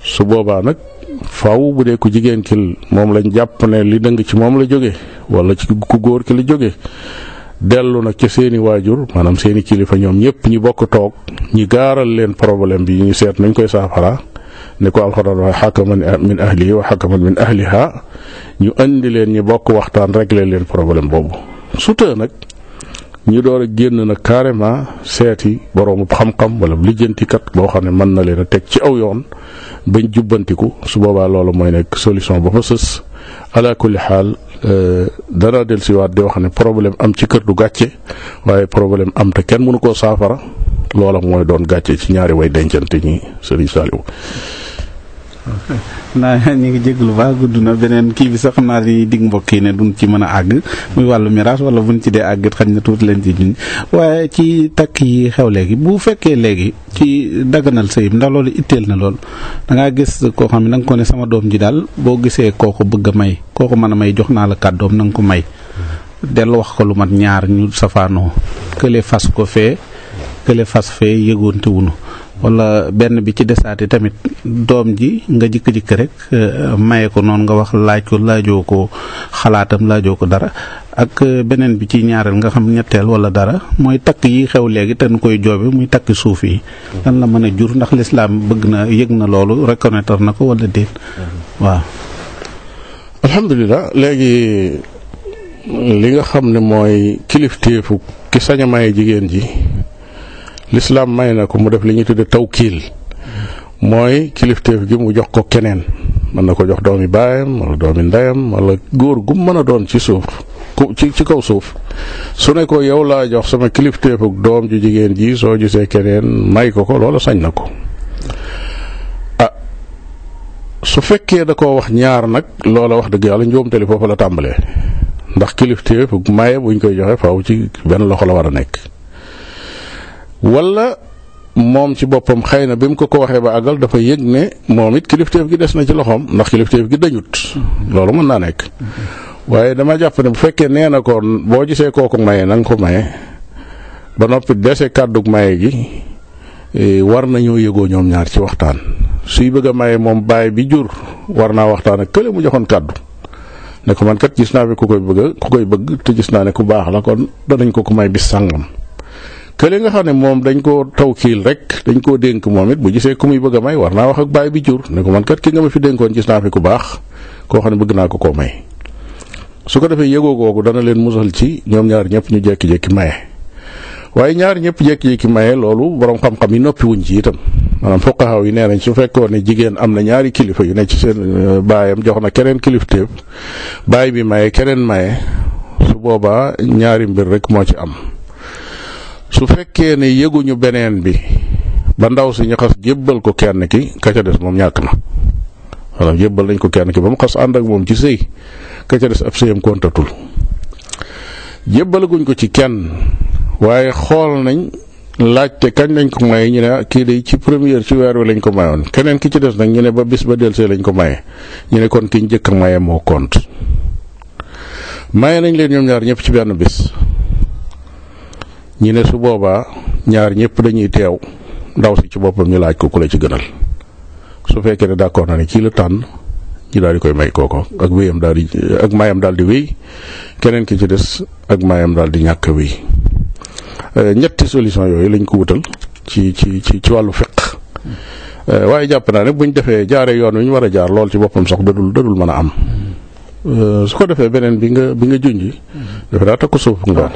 su boobaa nag faaw bu dee ku jigéen ki moom lañ jàpp ne li dëng ci moom la jóge walla ci ku góor ki la jóge dellu nag ci seeni waajur maanaam seeni kilifa ñoom ñëpp ñi bokk toog ñi gaaral leen problème bi ñu seet nañ koy saafara ni ko alxuraan waaye xakaman min ahlihi wa xakaman min ahliha ñu indi leen ñi bokk waxtaan régler leen problème boobu su tee nag ñu door a génn na carrément seeti boroomu xam-xam wala lijjantikat boo xam ne mën na leen a teg ci aw yoon bañ jubbantiku su boobaa loolu mooy nekk solution ba fa sës ala kulli xaal euh, dana dellusiwaat di wax ne problème am ci kër du gàcce waaye problème am te kenn mënu koo saafara loola mooy doon gàcce ci ñaari way dencante ñi Serigne naa ñu ngi jéglu baax gudd na beneen kii bi sa xam naa di dig mbokk yi ne duñ ci mën a àgg muy wàllu miraas wala buñ ci dee àgg xañ na tuuti leen ci juñ waaye ci takk yi xew léegi bu fekkee léegi ci daganal sëy ndax loolu itteel na lool da gis koo xam ne da ko ne sama doom ji daal boo gisee kooku bëgg a may kooko mën a may jox naa la kàddoom na nga ko may dellu wax ko lu mat ñaar ñu safaanoo kële fas ko fee kële fas fee yëgoonte wunu wala benn bi ci desaati tamit doom ji nga jikk-jikk rek euh, maye ko noonu nga wax laaj ko laajoo ko xalaatam laajoo ko dara ak euh, beneen bi ci ñaareel nga xam ñetteel wala dara mooy takk yi xew léegi te nu koy joobe muy takk suuf yi lan la mën a jur ndax lislaam bëgg na yëg na loolu reconnaître na ko wala déet waaw alhamdulilah léegi li nga xam ne mooy kilifteefu ki sañ jigéen ji lislaam may na ko mu def li ñuy tudde tawkiil mooy kilifteef gi mu jox ko keneen mën na ko jox doomi baayam wala yi ndeyam wala góor gu mën a doon ci suuf ci ci kaw suuf su ne ko yow laa jox sama kilifteef doom ji jigéen ji soo gisee keneen may ko ko loola sañ na ko ah su fekkee da koo wax ñaar nag loola wax dëgg yàlla njuumtali foofu la tàmbalee ndax kilifteef ak maye buñ koy joxe faw ci benn loxo la war a nekk wala moom ci boppam xëy na bi mu ko ko waxee ba àggal dafa yëg ne moom it kilifteef gi des na ci loxoom ndax kilifteef gi dañut loolu mën naa nekk waaye dama jàpp ne bu fekkee nee na ko boo gisee kooku maye na nga ko maye ba noppi dese kàddug maye gi e, war nañoo yëgoo ñoom ñaar ci waxtaan suy bëgg a moom baay bi jur war naa waxtaan ak kële mu joxoon kàddu ne ko man kat gis naa fi ku koy bëgg ku bëgg te gis naa ne ku baax la kon danañ ko ko may bi sàngam que nga xam ne moom dañ koo tawkiil rek dañ koo dénk moom it bu gisee ku muy bëgg a may war naa wax ak baay bi jur ne ko man kat ki nga ma fi dénkoon gis naa fi ku baax koo xam ne bëgg naa ko koo may. su ko defee yëgoo kooku dana leen musal ci ñoom ñaar ñëpp ñu jékki-jékki maye waaye ñaar ñëpp jékki-jékki maye loolu borom xam-xam yi noppi wuñ ci itam maanaam fuqahaa yi nee nañ su fekkoon ne jigéen am na ñaari kilifa yu ne ci seen euh, baayam jox na keneen kilifteef baay bi maye keneen maye su boobaa ñaari mbir rek moo ci am su fekkee ne yëguñu beneen bi ba ndaw si ñu xas jébbal ko kenn ki ka des moom ñàkk na walla jébbal nañ ko kenn ki ba mu xas ànd ak moom ci sëy ka ca des ab sëyam kontatul jébbalaguñ ko ci kenn waaye xool nañ laaj te kañ lañ ko maye ñu ne ah, kii de ci première ci lañ ko mayoon keneen ki ci des nag ñu ne ba bis ba delsee lañ ko maye ñu ne kon ki ñu jëkk maye moo compte maye nañ leen ñoom ñaar ñëpp ci benn bis ñi ne su boobaa ñaar ñëpp dañuy teew ndaw si ci boppam ñu laaj ko ku la ci gënal su fekkee ne d'accord na ne kii la tànn ñu daal di koy may kooko ak wéyam daal di ak mayam daal di wéy keneen ki ci des ak mayam daal di ñàkk a wéy euh, ñetti solution yooyu lañ ko wutal ci ci ci ci wàllu fiq euh, waaye jàpp naa ne buñ defee jaaree yoon wi ñu war a jaar lool ci boppam sox dadul dadul mën a am euh, su ko defee beneen bi nga bi junj. dafa mm-hmm. daa takku suuf nga.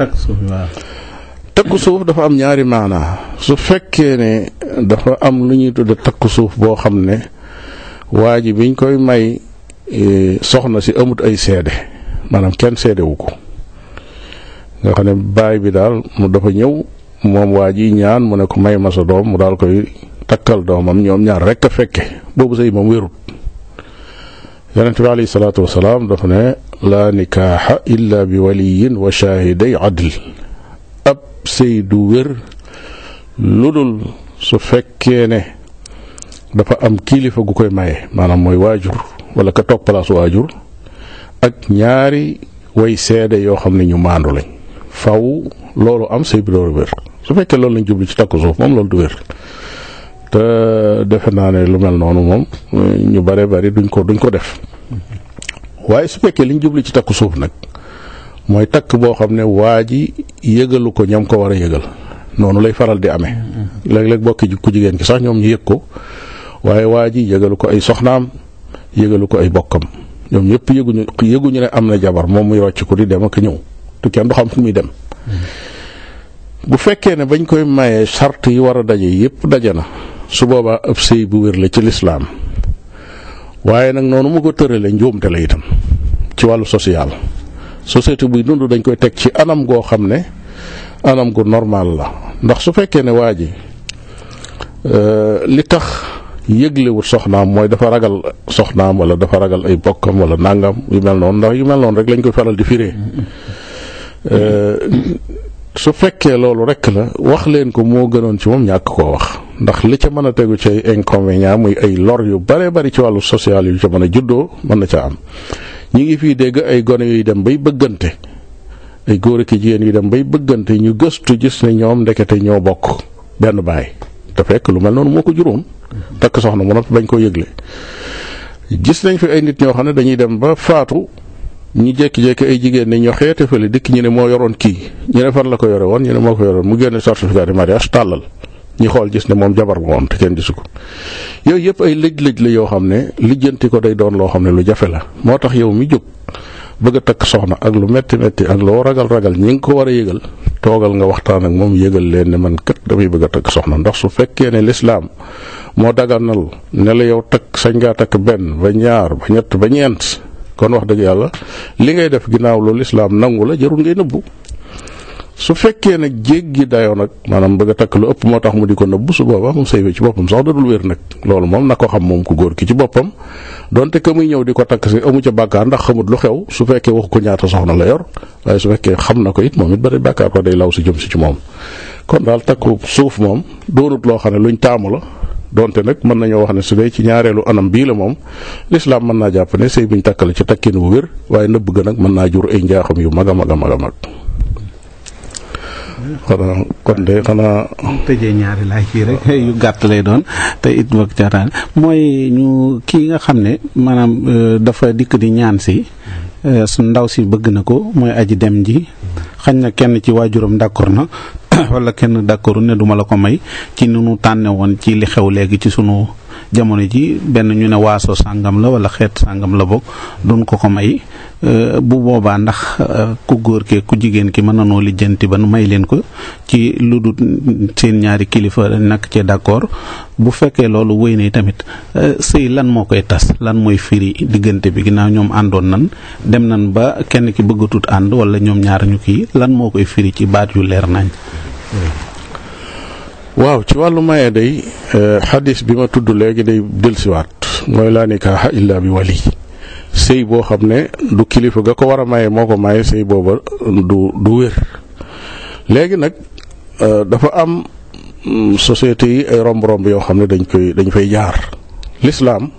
takku suuf dafa am ñaari maanaa su fekkee ne dafa am lu ñuy tudde takku suuf boo xam ne waa ji biñ koy may e, soxna si amut ay seede maanaam kenn seedewu ko nga xam ne baay bi daal mu dafa ñëw moom waa ji ñaan mu ne ko may ma sa doom mu daal koy takkal doomam ñoom ñaar rek a fekke boobu sëy moom wérut yonente bi alayhi salaatu wasalaam dafa ne la nikaaxa illa bi waliyin wa shaahiday adl sëy du wér lu dul su fekkee ne dafa am kilifa gu koy maye maanaam mooy waajur wala ka toog palaasu waajur ak ñaari woy seede yoo xam ne ñu maandu lañ faw loolu am sëy bi wér su fekkee loolu lañ jublu ci takku suuf moom loolu du wér te defe naa ne lu mel noonu moom ñu bare bari duñ ko duñ ko def waaye su fekkee liñ jublu ci takku suuf nag mooy takk boo xam ne waa ji yëgalu ko ñam ko war a yëgal noonu lay faral di amee mm-hmm. léeg-léeg bokki ku jigéen ki sax ñoom ñu yëg ko waaye waa ji yëgalu ko ay soxnaam yëgalu ko ay bokkam ñoom ñëpp yëguñu yëguñu ne am na jabar moom muy rocc ko di dem ak ñëw te kenn du xam fu muy dem mm-hmm. bu fekkee ne bañ koy mayee sart yi war a daje yëpp daje na su boobaa ab sëy bu wér la ci lislaam waaye nag noonu mu ko tërale njuumte la itam ci wàllu social société buy dund dañ koy teg ci anam goo xam ne anam gu normal la ndax su fekkee ne waa ji euh, li tax yëglewut soxnaam mooy dafa ragal soxnaam wala dafa ragal ay bokkam wala nàngam yu mel noonu ndax yu mel noonu rek lañ koy faral di firee euh, su fekkee loolu rek la wax leen ko moo gënoon ci moom ñàkk koo wax ndax li ca mën a tegu ci ay inconvénient muy ay lor yu bare bari ci wàllu sociale yu ca mën a juddoo mën na ca am ñi ngi fii dégg ay gone yuy dem bay bëggante ay góor ak jigéen yu dem bay bëggante ñu gëstu gis ne ñoom ndekete ñoo bokk benn baay te fekk lu mel noonu moo ko juróom takk soxna mu noppi bañ koo yëgle gis nañ fi ay nit ñoo xam ne dañuy dem ba faatu ñu jékki-jékki ay jigéen ne ñoo xeete fële dikk ñu ne moo yoroon kii ñu ne fan la ko yore woon ñu ne moo ko yore mu génne certificat de mariage tàllal ñi xool gis ne moom jabar moom te ne gisu ko yooyu yëpp ay lëj-lëj la yoo xam ne lijjanti ko day doon loo xam ne lu jafe la moo tax yow mi jóg bëgg a takk soxna ak lu metti metti ak loo ragal ragal ñi nga ko war a yëgal toogal nga waxtaan ak moom yëgal leen ne man kat damay bëgg a takk soxna ndax su fekkee ne lislaam moo daganal ne la yow takk sañ ngaa takk benn ba ñaar ba ñett ba ñeent kon wax dëgg yàlla li ngay def ginnaaw loolu lislaam nangu la jarul ngay nëbbu su fekkee nag jéggi dayoo nag maanaam bëgg a takk lu ëpp moo tax mu di ko nëbb su boobaa moom sëy bi ci boppam sax dadul wér nag loolu moom na ko xam moom ku góor ki ci boppam donte ka muy ñëw di ko takk si amu ca bàkkaar ndax xamut lu xew su fekkee waxu ko ñaata soxna la yor waaye su fekkee xam na ko moom it bari bàkkaar ko day law si jëm si ci moom kon daal takku suuf moom doonut loo xam ne luñ taamu la donte nag mën nañoo wax ne su dee ci ñaareelu anam bii la moom lislaam mën naa jàpp ne sëy buñ takk la ci takkin wu wér waaye nëbb ga nag mën naa jur ay njaaxum yu mag a mag a mag a mag xanaa kon de xanaa. ñaari laaj fii rek yu gàtt lay doon te it ma caataan mooy ñu kii nga xam ne maanaam euh, dafa dikk di ñaan si euh, su ndaw si bëgg na ko mooy aji dem ji xañ na kenn ci waajuram d'accord na walla kenn d'accord ne duma la ko may ci nu nu tànne woon ci li xew léegi ci sunu. jamono ji benn ñu ne waaso sàngam la wala xeet sàngam la bokk duñ ko ko may euh, bu boobaa ndax euh, ku góor ke ku jigéen ki mën nanoo lijjanti ba nu may leen ko ci lu dul seen ñaari kilifa nak ci d'accord bu fekkee loolu wéy na tamit euh, sëy lan moo koy tas lan mooy firi diggante bi ginnaaw ñoom àndoon nan dem nan ba kenn ki bëggatut ànd wala ñoom ñaar ñu kii lan moo koy firi ci baat yu leer nañ waaw ci wàllu maye day euh, xadis bi ma tudd léegi day delsiwaat mooy laa nikaaxa illaa bi wali sëy boo xam ne du kilifa nga ko war a maye moo ko maye sëy booba du du wér léegi nag euh, dafa am mm, société yi ay romb-romb yoo xam ne dañ koy dañ fay jaar lislaam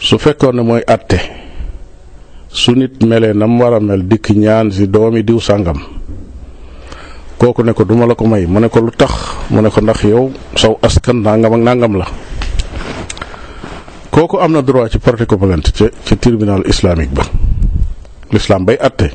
su fekkoon ne mooy atte su nit melee nam war a mel dikk ñaan si doomi diw sàngam kooku ne ko duma la ko may mu ne ko lu tax mu ne ko ndax yow sow askan nangam ak nangam la kooku am na droit ci porter plainte ci ci tribunal islamique ba l'islam bay atte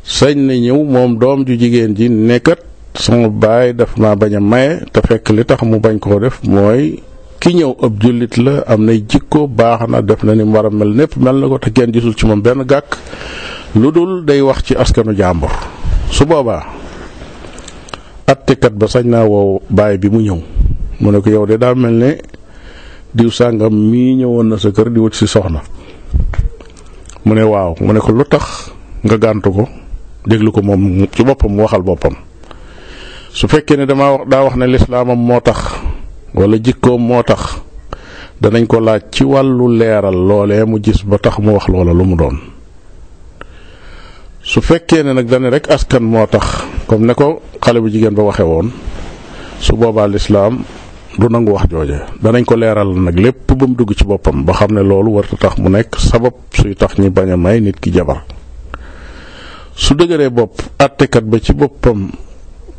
sañ na ñëw moom doom ju jigéen ji nekkat sama baay daf ma bañ a maye te fekk li tax mu bañ koo def mooy ki ñëw ab jullit la am nay jikko baax na def na ni mu war a mel népp mel na ko te kenn gisul ci moom benn gàkk lu dul day wax ci askanu jàmbur su boobaa kat ba sañ naa woo bàyyi bi mu ñew mu ne ko yow de da mel diw sangam mi ñewon na sa kër di wut ci soxna mu ne waaw mu ne ko lutax nga gantu ko deglu ko mom ci bopam waxal bopam su fekke ne dama wax da wax ne l'islam wala jikko danañ ko laaj ci walu leeral lolé mu gis ba tax mu wax lolé lu mu doon su fekkee ne nag dane rek askan moo tax comme ne ko xale bu jigéen ba waxe woon su boobaa lislaam du nangu wax jooje danañ ko leeral nag lépp ba mu dugg ci boppam ba xam ne loolu warta tax mu nekk sabab suy tax ñi bañ a may nit ki jabar su dëgëree bopp attekat ba ci boppam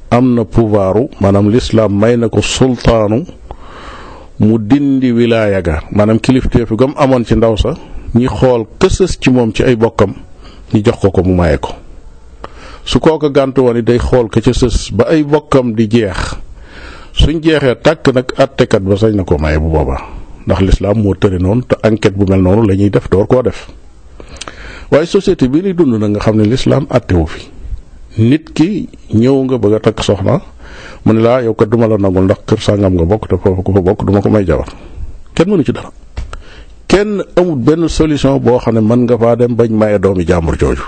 am na pouvoiru maanaam lislaam may na ko sultaanu mu dindi wilaaya maanaam kilifteefi gam amoon ci ndaw ñi xool kësës ci moom ci ay bokkam ñu jox ko ko mu maye ko su kooka gàntu woon day xool ka ca sës ba ay bokkam di jeex suñ jeexee tàkk nag àttekat ba sañ na ko maye bu boobaa ndax lislaam moo tëri noonu te enquête bu mel noonu la ñuy def door koo def waaye société bi ni dund na nga xam ne lislaam àttewu fi nit ki ñëw nga bëgg a takk soxna mu ne laa yow kat duma la nangul ndax kër sàngam nga bokk te foofu ko bokk duma ko may jabar kenn mënu ci dara kenn amul benn solution boo xam ne mën nga faa dem bañ maye doomi jàmbur jooju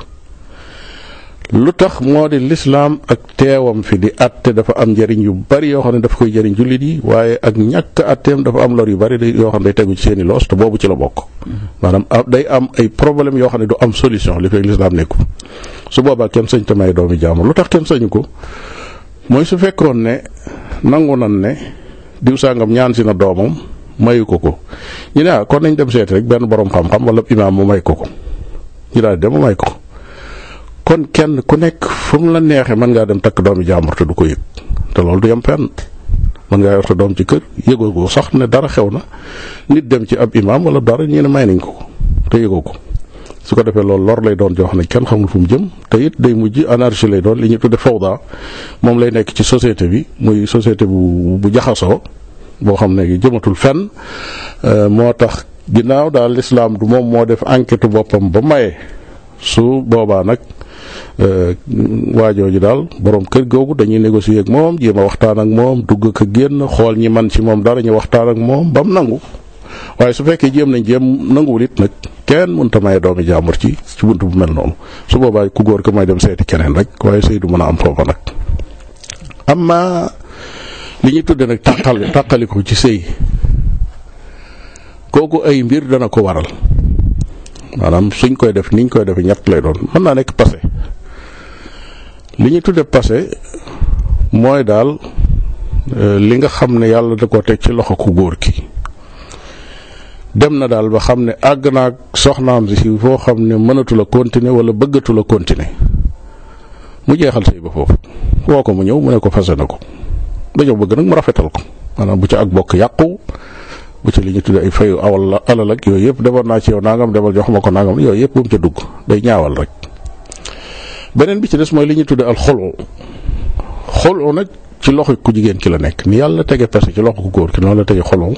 lu tax moo di lislaam ak teewam fi di àtte dafa am njëriñ yu bari yoo xam ne dafa koy jëriñ jullit yi waaye ak ñàkk àtteem dafa am lor yu bari yoo xam ne day tegu ci seeni loos te boobu ci la bokk maanaam day am ay problème yoo xam ne du am solution li fekk lislaam nekku su boobaa kenn sañ te maye doomi jàmbur lu tax kenn sañu ko mooy su fekkoon ne nangu nan ne diw sàngam ñaan si na doomam mayu ko ko ñu ne ah kon nañ dem seeti rek benn borom xam-xam wala imaam mu may ko ko ñu daal dem mu may ko kon kenn ku nekk fu mu la neexee mën ngaa dem takk doomi jaamur te du ko yëg te loolu du yem fenn mën ngaa yor sa doom ci kër yëgoo ko sax ne dara xew na nit dem ci ab imaam wala dara ñu ne may nañ ko te yëgoo ko su ko defee loolu lor lay doon joo xam ne kenn xamul fu mu jëm te it day mujj anarchie lay doon li ñu tudde fawda moom lay nekk ci société bi muy société bu bu jaxasoo boo xam ne jëmatul fenn euh, moo tax ginnaaw daal lislaam du moom moo def enquête boppam ba maye su boobaa nag euh, waajoo ji daal borom kër googu dañuy négocier ak moom jéem a waxtaan ak moom dugg ko génn xool ñi man ci moom dara ñu waxtaan ak moom ba mu nangu waaye su fekkee jéem nañ jéem nanguwul it nag kenn mënta maye doomi jaamur ci ci bunt bu mel noonu su boobaa ku góor ko may dem seeti keneen rek waaye sëy du mën a am foofa nag amma li ñu tudd nag tàqal ko ci sëy kooku ay mbir dana ko waral maanaam suñ koy def niñ koy defee ñett lay doon mën naa nekk passé li ñu tudde passé mooy daal euh, li nga xam ne yàlla da ko teg ci loxo ku góor ki dem na daal ba xam ne àgg naa naag soxnaam si foo xam ne mënatu la continuer wala bëggatu la continuer mu jeexal sëy ba foofu woo ko mu ñëw mu ne ko fase na ko dañoo bëgg nag mu rafetal ko maanaam bu ci ak bokk yàqu bu ci li ñu ay fayu awal alal ak yooyu yëpp defoon naa ci yow nangam demal jox ma ko nangam yooyu yëpp bu mu ca dugg day ñaawal rek beneen bi ci des mooy li ñu tuddee al xolu xolu nag ci loxo ku jigéen ki la nekk ni yàlla tege pese ci loxo ku góor ki noonu la tege xolu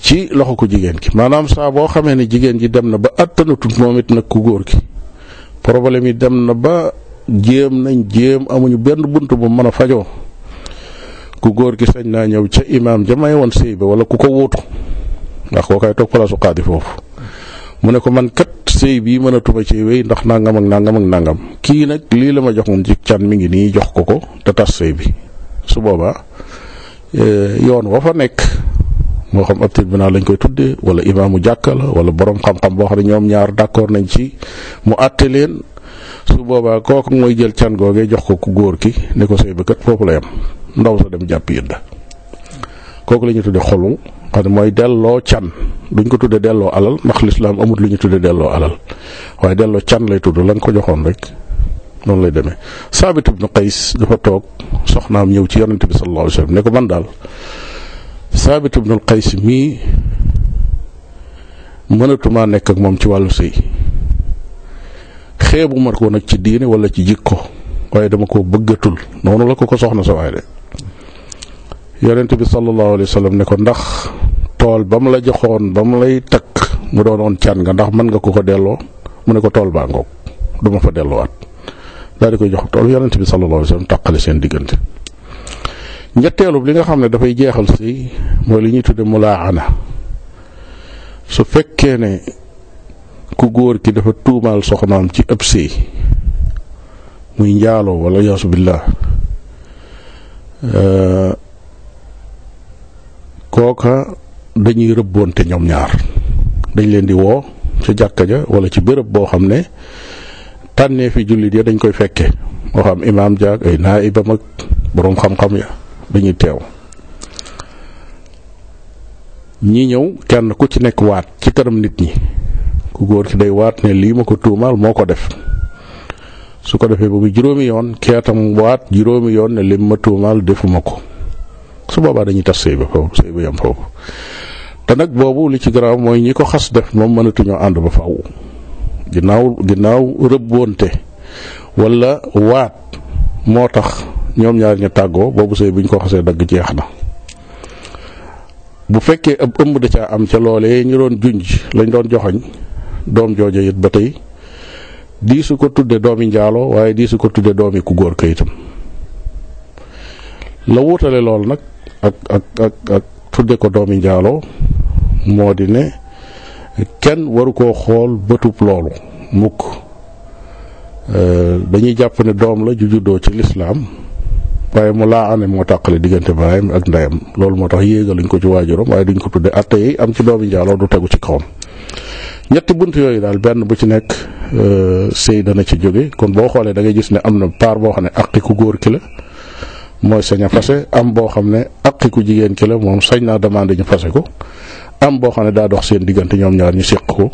ci loxo ku jigéen ki maanaam saa boo xamee ne jigéen ji dem na ba attanatut moom it nag ku góor ki problème yi dem na ba jéem nañ jéem amuñu benn bunt bu mën a fajoo ku góor gi sañ naa ñëw ca imaam jamay won sëy ba wala ku ko wuutu ndax koo kay toog palaasu xaadi foofu mu ne ko man kat sëy bii mën ci wéy ndax nangam ak nangam ak nangam kii nag lii la ma jox moom ci can mi ngi nii jox ko ko te tas sëy bi su boobaa e, yoon wa fa nekk moo xam ab naa lañ koy tuddee wala imaamu jàkka la wala borom xam-xam boo xam ne ñoom ñaar d'accord nañ ci mu àtte leen su boobaa kooku mooy jël can googee jox ko ku góor ki ne ko sëy kat foofu la yam ndaw sa dem jàpp yëdd kooku la ñuy tuddee xolu xam ne mooy delloo can duñ ko tuddee delloo alal ndax lislaam amut lu ñu tuddee delloo alal waaye delloo can lay tudd la ko joxoon rek noonu lay demee saabit ibnu qays dafa toog soxnaam ñëw ci yonente bi sallallahu alayhi wa sallam ne ko man daal saabit ibnu qays mii mënatumaa nekk ak moom ci wàllu sëy xeebu ma nag ci diine wala ci jikko waaye dama ko bëggatul noonu la ko ko soxna sa waaye de yonent bi sallallahu alayhi wasallam ne ko ndax tol bam la joxone bam lay tak mu doonoon can nga ndax man nga ko ko delo mu ne ko tol ba ngok duma fa delo wat di koy jox tol yonent bi sallallahu alayhi wasallam taqale sen digeunte ñettelu li nga xamne ne fay jexal ci moy li ñi tudde mulaana su fekke ne ku goor ki dafa soxnaam ci epsi muy wala kooka dañuy rëbboonte ñoom ñaar dañ leen di woo ca jàkka ja wala ci bërëb boo xam ne tànnee fi jullit ya dañ koy fekke moo xam imaam jaag ay naayibam ak boroom xam-xam ya dañuy teew ñi ñëw kenn ku ci nekk waat ci kanam nit ñi ku góor ki day waat ne lii ma ko tuumaal moo ko def su ko defee boobu juróomi yoon keetam waat juróomi yoon ne lim ma tuumaal defuma ko su boobaa dañuy tas sëy ba foofu sëy ba yam foofu te nag boobu li ci garaaw mooy ñi ko xas def moom mënatuñoo ànd ba faw ginnaaw ginnaaw rëbbonte wala waat moo tax ñoom ñaar ña tàggoo boobu sëy bu ñu ko xasee dagg jeex na bu fekkee ab ëmb da caa am ca loolee ñu doon junj lañ doon joxoñ doom jooja it ba tey diisu ko tudde doomi njaaloo waaye diisu ko tudde doomi ku góor kayitam la wutale lool nag ak ak ak ak tudde ko doomi njaaloo moo di ne kenn waru koo xool bëtub loolu mukk euh, dañuy jàpp ne doom la ju juddoo ci lislaam waaye mu laa ane moo tàqale diggante baayam ak ndeyam loolu moo tax yéegaluñ ko ci waajuram waaye duñ ko tudde atte yi am ci doomi njaaloo du tegu ci kawam ñetti bunt yooyu daal benn bu ci nekk euh, sëy dana ci jóge kon boo xoolee da ngay gis ne am na paar boo xam ne àqi ku góor ki la mooy sañ a fase am boo xam ne aqi ku jigéen ki la moom sañ naa demandé ñu fase ko am boo xam ne daa dox seen diggante ñoom ñaar ñu séq ko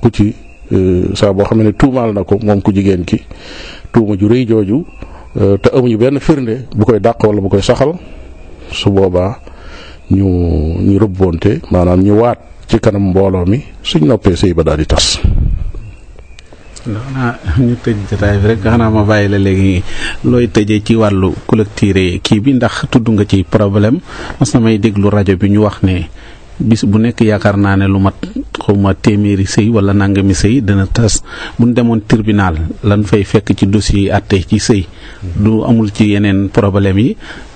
ku ci euh, saa boo xam ne tuumaal na ko moom ku jigéen ki tuuma ju réy jooju euh, te amuñu benn firnde bu koy dàq wala bu koy saxal su boobaa ñu ñu rëbbonte maanaam ñu waat ci kanam mbooloo mi suñ noppee sëy ba daal di tas ndax naa ñu tëj jotaay bi rek xanaa ma bàyyi la léegi looy tëje ci wàllu collecteur kii bi ndax tudd nga ci problème parce que may déglu rajo bi ñu wax ne bis bu nekk yaakaar naa ne lu mat xawma téeméeri sëy wala nangami sëy dana tas buñ demoon tribunal lan fay fekk ci dossier yi àtte ci sëy du amul ci yeneen problème yi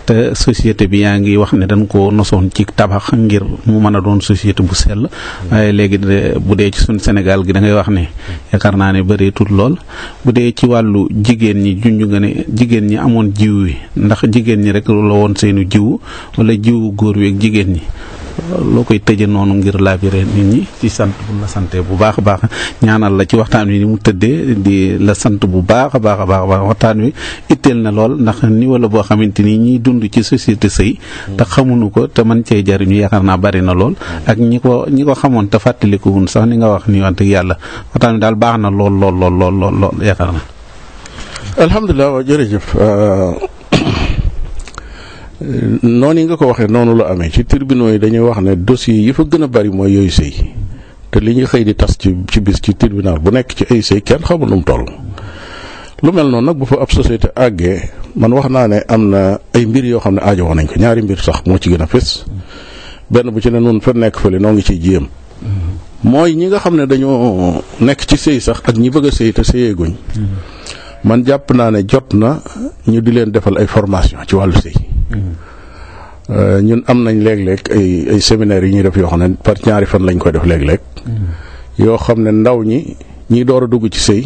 te société bi yaa ngiy wax ne dañ ko nosoon ci tabax ngir mu mën a doon société bu sell waaye léegi bu dee ci suñ Sénégal gi da ngay wax ne yaakaar naa ne bëreetul lool bu dee ci wàllu jigéen ñi junj nga ne jigéen ñi amoon jiw wi ndax jigéen ñi rek la woon seenu jiw wala jiwu góor wi ak jigéen ñi loo koy tëje noonu ngir labiré nit ñi ci sant bu la sante bu baax a baax ñaanal la ci waxtaan wi ni mu tëddee di la sant bu baax a baax a baax waxtaan wi itteel na lool ndax ni wala boo xamante ni ñiy dund ci société sëy te xamuñu ko te man cee jariñu yaakaar naa bari na lool ak ñi ko ñi ko xamoon te fàttaliku wun sax ni nga wax ni wante yàlla waxtaan wi daal baax na lool lool lool lool lool yaakaar naa alhamdulilah noonu yi nga ko waxee noonu la amee ci tribunaux yi dañuy wax ne dossiers yi fa gën a bari mooy yooyu sëy te li ñu xëy di tas ci ci bis ci tribunal bu nekk ci ay sëy kenn xamul lu mu lu mel noonu nag bu fa ab société àggee man wax naa ne am na ay mbir yoo xam ne aajowoo nañ ko ñaari mbir sax moo ci gën a fës benn bu ci ne noonu fa nekk fële noo ngi ciy jéem. mooy ñi nga xam ne dañoo nekk ci sëy sax ak ñi bëgg a sëy te sëyeeguñ. Mm-hmm. man jàpp naa ne jot na ñu di leen defal ay formation ci wàllu sëy. Euh, ñun am nañ léeg-léeg ay ay séminaires yu ñuy def yoo xam ne par ñaari fan lañ koy def léeg-léeg. Mm. yoo xam ne ndaw ñi ñi door a dugg ci sëy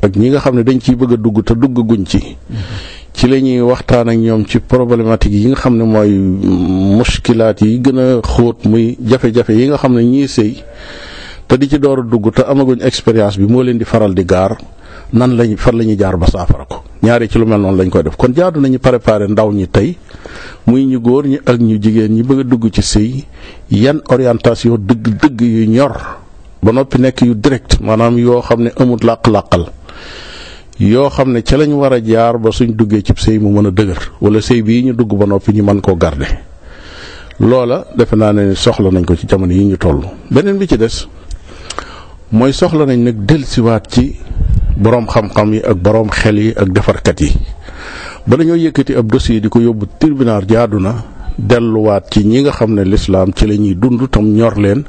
ak ñi nga xam ne dañ ciy bëgg a dugg te dugg guñ ci. Mm-hmm. ci la ñuy waxtaan ak ñoom ci problématique yi nga xam ne mooy muskilaat yi gën a xóot muy jafe-jafe yi nga xam ne ñii sëy te di ci door a dugg te amaguñ expérience bi moo leen di faral di gaar nan lañu fan la ñuy jaar ba saafara ko. ñaari ci lu mel noonu lañ koy def kon jaadu nañu préparer ndaw ñi tey muy ñu góor ñi ak ñu jigéen ñi bëgg a dugg ci sëy yan orientation dëgg-dëgg yu ñor ba noppi nekk yu direct maanaam yoo xam ne amut làq-làqal yoo xam ne ca lañ war a jaar ba suñ duggee cib sëy mu mën a dëgër wala sëy bii ñu dugg ba noppi ñu mën koo garde loola defe naa ne soxla nañ ko ci jamono yi ñu toll beneen bi ci des mooy soxla nañ nag dellusiwaat ci. boroom xam-xam yi ak boroom xel yi ak defarkat yi ba dañoo yëkkati ab dossier di ko yóbbu tirbinaar jaadu na delluwaat ci ñi nga xam ne lislaam ci la ñuy dund tam ñor leen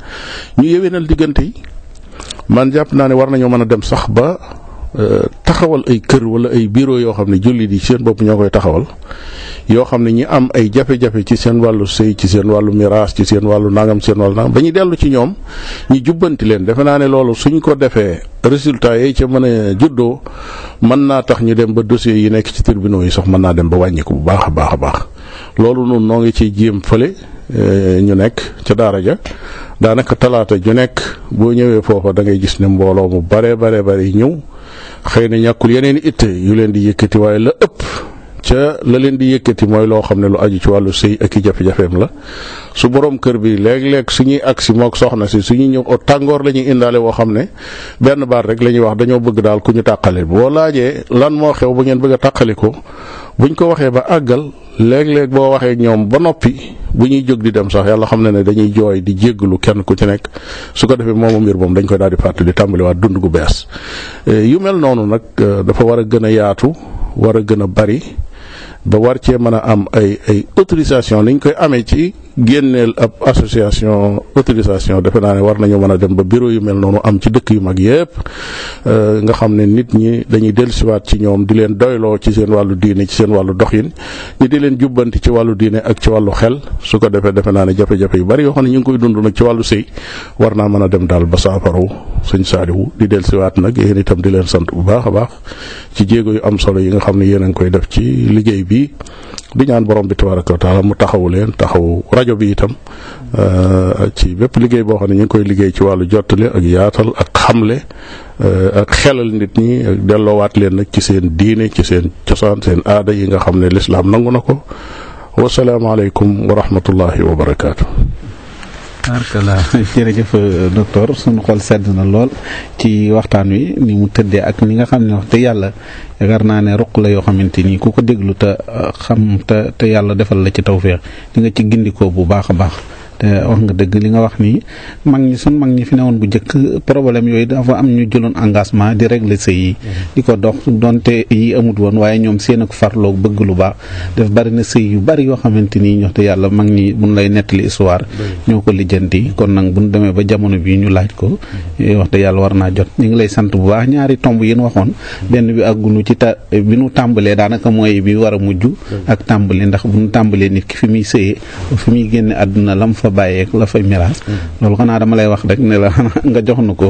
ñu yéwénal diggante yi man jàpp naa ne war nañoo mën a dem sax ba Euh, taxawal ay kër wala ay bureau yoo xam ne jullit yi seen bopp ñoo koy taxawal yoo xam ne ñi am ay jafe-jafe ci seen wàllu sëy ci seen wàllu miraas ci seen wàllu nangam seen wàllu nangam ba ñu dellu ci ñoom ñu jubbanti leen defe naa ne loolu suñ ko defee résultat yi ca mën a juddoo mën naa tax ñu dem ba dossiers yi nekk ci tribunaux yi sox mën naa dem ba wàññiku bu baax a baax a baax loolu noonu noo ngi ciy jéem fële euh, ñu nekk ca daara ja daanaka talaata ju nekk boo ñëwee foofa da ngay gis ne mbooloo mu bare bare bare ñëw xëy na ñàkkul yeneen itte yu leen di yëkkati waaye la ëpp ca la leen di yëkkati mooy loo xam ne lu aju ci wàllu sëy ak i jafe-jafeem la su borom kër bi léeg-léeg suñuy agsi mook soxna si suñuy ñëw o tàngoor la indaale woo xam ne benn baat rek la ñuy wax dañoo bëgg daal ku ñu tàqale boo laajee lan moo xew ba ngeen bëgg a tàqaliko buñ ko waxee ba àggal léeg-léeg boo waxee ñoom ba noppi bu ñuy jóg di dem sax yàlla xam na ne dañuy jooy di lu kenn ku ci nekk su ko defee moomu mbir moom dañ koy daal di fàttali tàmbaliwaat dund gu bees eh, yu mel noonu nag eh, dafa war a gën a yaatu war a gën a bari ba war cee mën a am ay ay autorisation ni koy amee ci génneel ab association autorisation defe naa ne war nañu mën a dem ba bureau yu mel noonu am ci dëkk yu mag yépp euh, nga xam ne nit ñi dañuy dellusiwaat ci ñoom di leen doyloo ci seen wàllu diine ci seen wàllu doxin ñi di leen jubbanti ci wàllu diine ak ci wàllu xel su ko defee defe naa ne jafe-jafe yu bari yoo xam ne ñu ngi koy dund nag ci wàllu sëy war naa mën a dem daal ba saafaru sëñ Saaliwu di dellusiwaat nag yéen itam di leen sant bu baax a baax ci jéego yu am solo yi nga xam ne yéen a ngi koy def ci liggéey bi di ñaan borom bi tabaraka wa mu taxawu leen taxaw rajo bi itam euh, ci bépp liggéey boo xam ne ñu ngi koy liggéey ci wàllu jottale ak yaatal ak xamle euh, ak xelal nit ñi ak delloowaat leen nag ci seen diine ci seen cosaan seen aada yi nga xam ne lislaam nangu na ko wasalaamaaleykum wa rahmatullahi wa barakaatu. barkala jërëjëf euh, docteur sunu xol sedd na lool ci waxtaan wi ni mu tëddee ak ni nga xam ne wax te yàlla yaakaar naa ne ruq la yoo xamante nii ku ko déglu te euh, xam te te yàlla defal la ci tawféex di nga ci gindikoo bu baax a baax wax nga dëgg li nga wax ni mag ñi sun mag ñi fi newoon bu jëkk problème yooyu dafa am ñu jëloon engagement di régler sëy yi mm-hmm. di ko dox donte yi amut woon waaye ñoom seen ak farloo bëgg lu baax mm-hmm. def bari na sëy yu bari yoo xamante ni ñox te yàlla mag ñi buñ lay nettali histoire mm-hmm. ñoo ko lijjanti kon nag buñ demee ba jamono bi ñu laaj ko eh, wax te yàlla war naa jot ñu ngi lay sant bu baax ñaari tomb yi waxoon benn bi àggunu ci ta bi nu tàmbalee daanaka mooy bi war a mujj ak tàmbale ndax bu nu tàmbalee nit ki fi muy sëyee fi muy génne àdduna lam fa bàyyeeg la fay miraas loolu xanaa dama lay wax rek ne la nga jox nu ko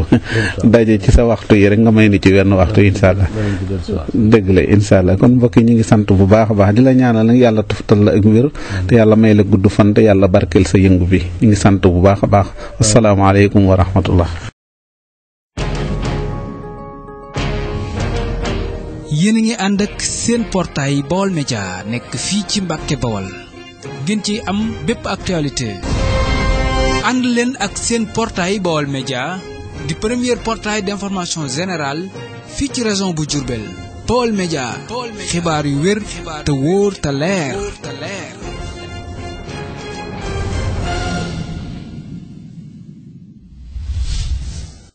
daje ci sa waxtu yi rek nga may ni ci wenn waxtu insha allah la insha kon mbokk yi ñu ngi sant bu baax a baax di la ñaanal nag yàlla tuftal la ak wér te yàlla may la gudd fan te yàlla barkeel sa yëngu bi ñu ngi sant bu baax a baax asalaamaaleykum wa rahmatullah yéen a ngi ànd ak seen portail Baol Média nekk fii ci Mbàkke Bawol ngeen ci am bépp actualité And leen ak seen portail paul Média di premier portail d'information générale fii ci région bu Diourbel Paul Media